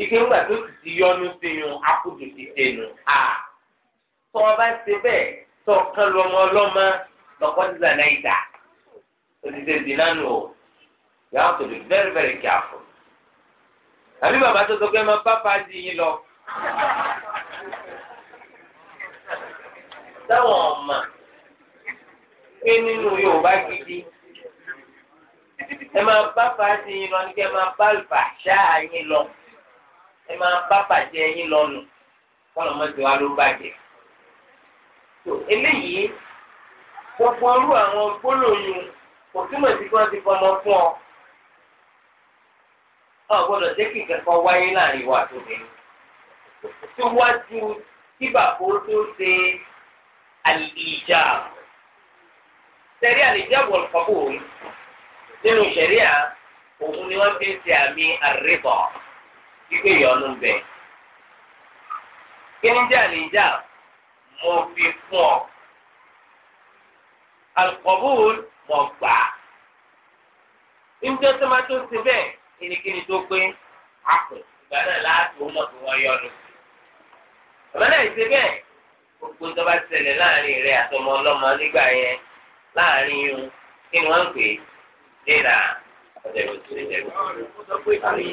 A: ike ńgbà tó ti ti yọnu sí yun akudu ti ṣe nu a tó o bá ṣe bẹ́ẹ̀ tó o kán lọ́mọ ọlọ́mọ lọ́kọ́ ti zànà ìdá o ti ṣe dì nánu o you have to be very very careful àbí bàbá tó sọ pé máa bá pàdé yín lọ táwọn ọmọ
B: pé nínú Yorùbá
A: gidi ẹ máa bá pàdé yín lọ ní kí ẹ máa bá àlùfáà ṣáà yín lọ ẹ máa bá bàjẹ́ yín lọ́nu kọ́nà mọ́tò wa ló bàjẹ́. tó eléyìí gbogbo ọrú àwọn gbólóyún kò túmọ̀ sí kí wọ́n ti fọmọ fún ọ. ọ̀ gbọ́dọ̀ jẹ́ kí ìkẹ́kọ̀ọ́ wáyé láàrin wa tó bẹ̀rẹ̀. síwájú kí bàbá ó tó ṣe àlìjà. sẹ́rí àlìjà wọ̀lù kọ́bù nínú sẹ́ríà òun ni wọ́n fi ń ṣe àmì àrẹ́bọ̀ ìgbé ìyọnu ń bẹ. kíníjà níjà mo fi fún ọ. alukọ̀bùl mo gbà. níjọ́ tó máa tó ṣe bẹ́ẹ̀ kínníkínní tó pé àpò ìgbà náà láti ó mọ̀ tó wọ́n yọnu. àmọ́ náà ṣe gbogbo tó bá láàrin rẹ̀ àtọmọ ọlọ́mọ nígbà yẹn láàrin yun kí ni wọ́n ń pè é léra ọ̀dẹ̀rẹ̀ tó lè dẹ̀rẹ̀.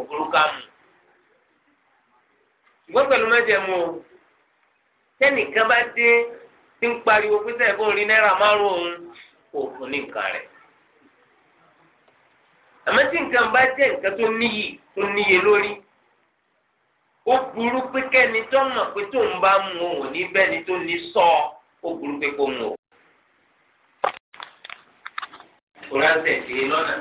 A: òbúrúkà mu ṣùgbọ́n pẹ̀lú mẹ́jẹ̀mú o tẹ́nìkan bá dé tí ń pariwo pé sẹ́ẹ̀ fún orí náírà márùn-ún òun kò fún ní nǹkan rẹ̀ àmọ́ tí nǹkan bá jẹ́ nǹkan tó níyì tó níye lórí ó burú pé kẹ́ni tó mọ̀ pé tó ń bá mu òun ní bẹ́ni tó ní sọ ó burú pé kó mu o. kò ránṣẹ́ ìdílé lọ́nà.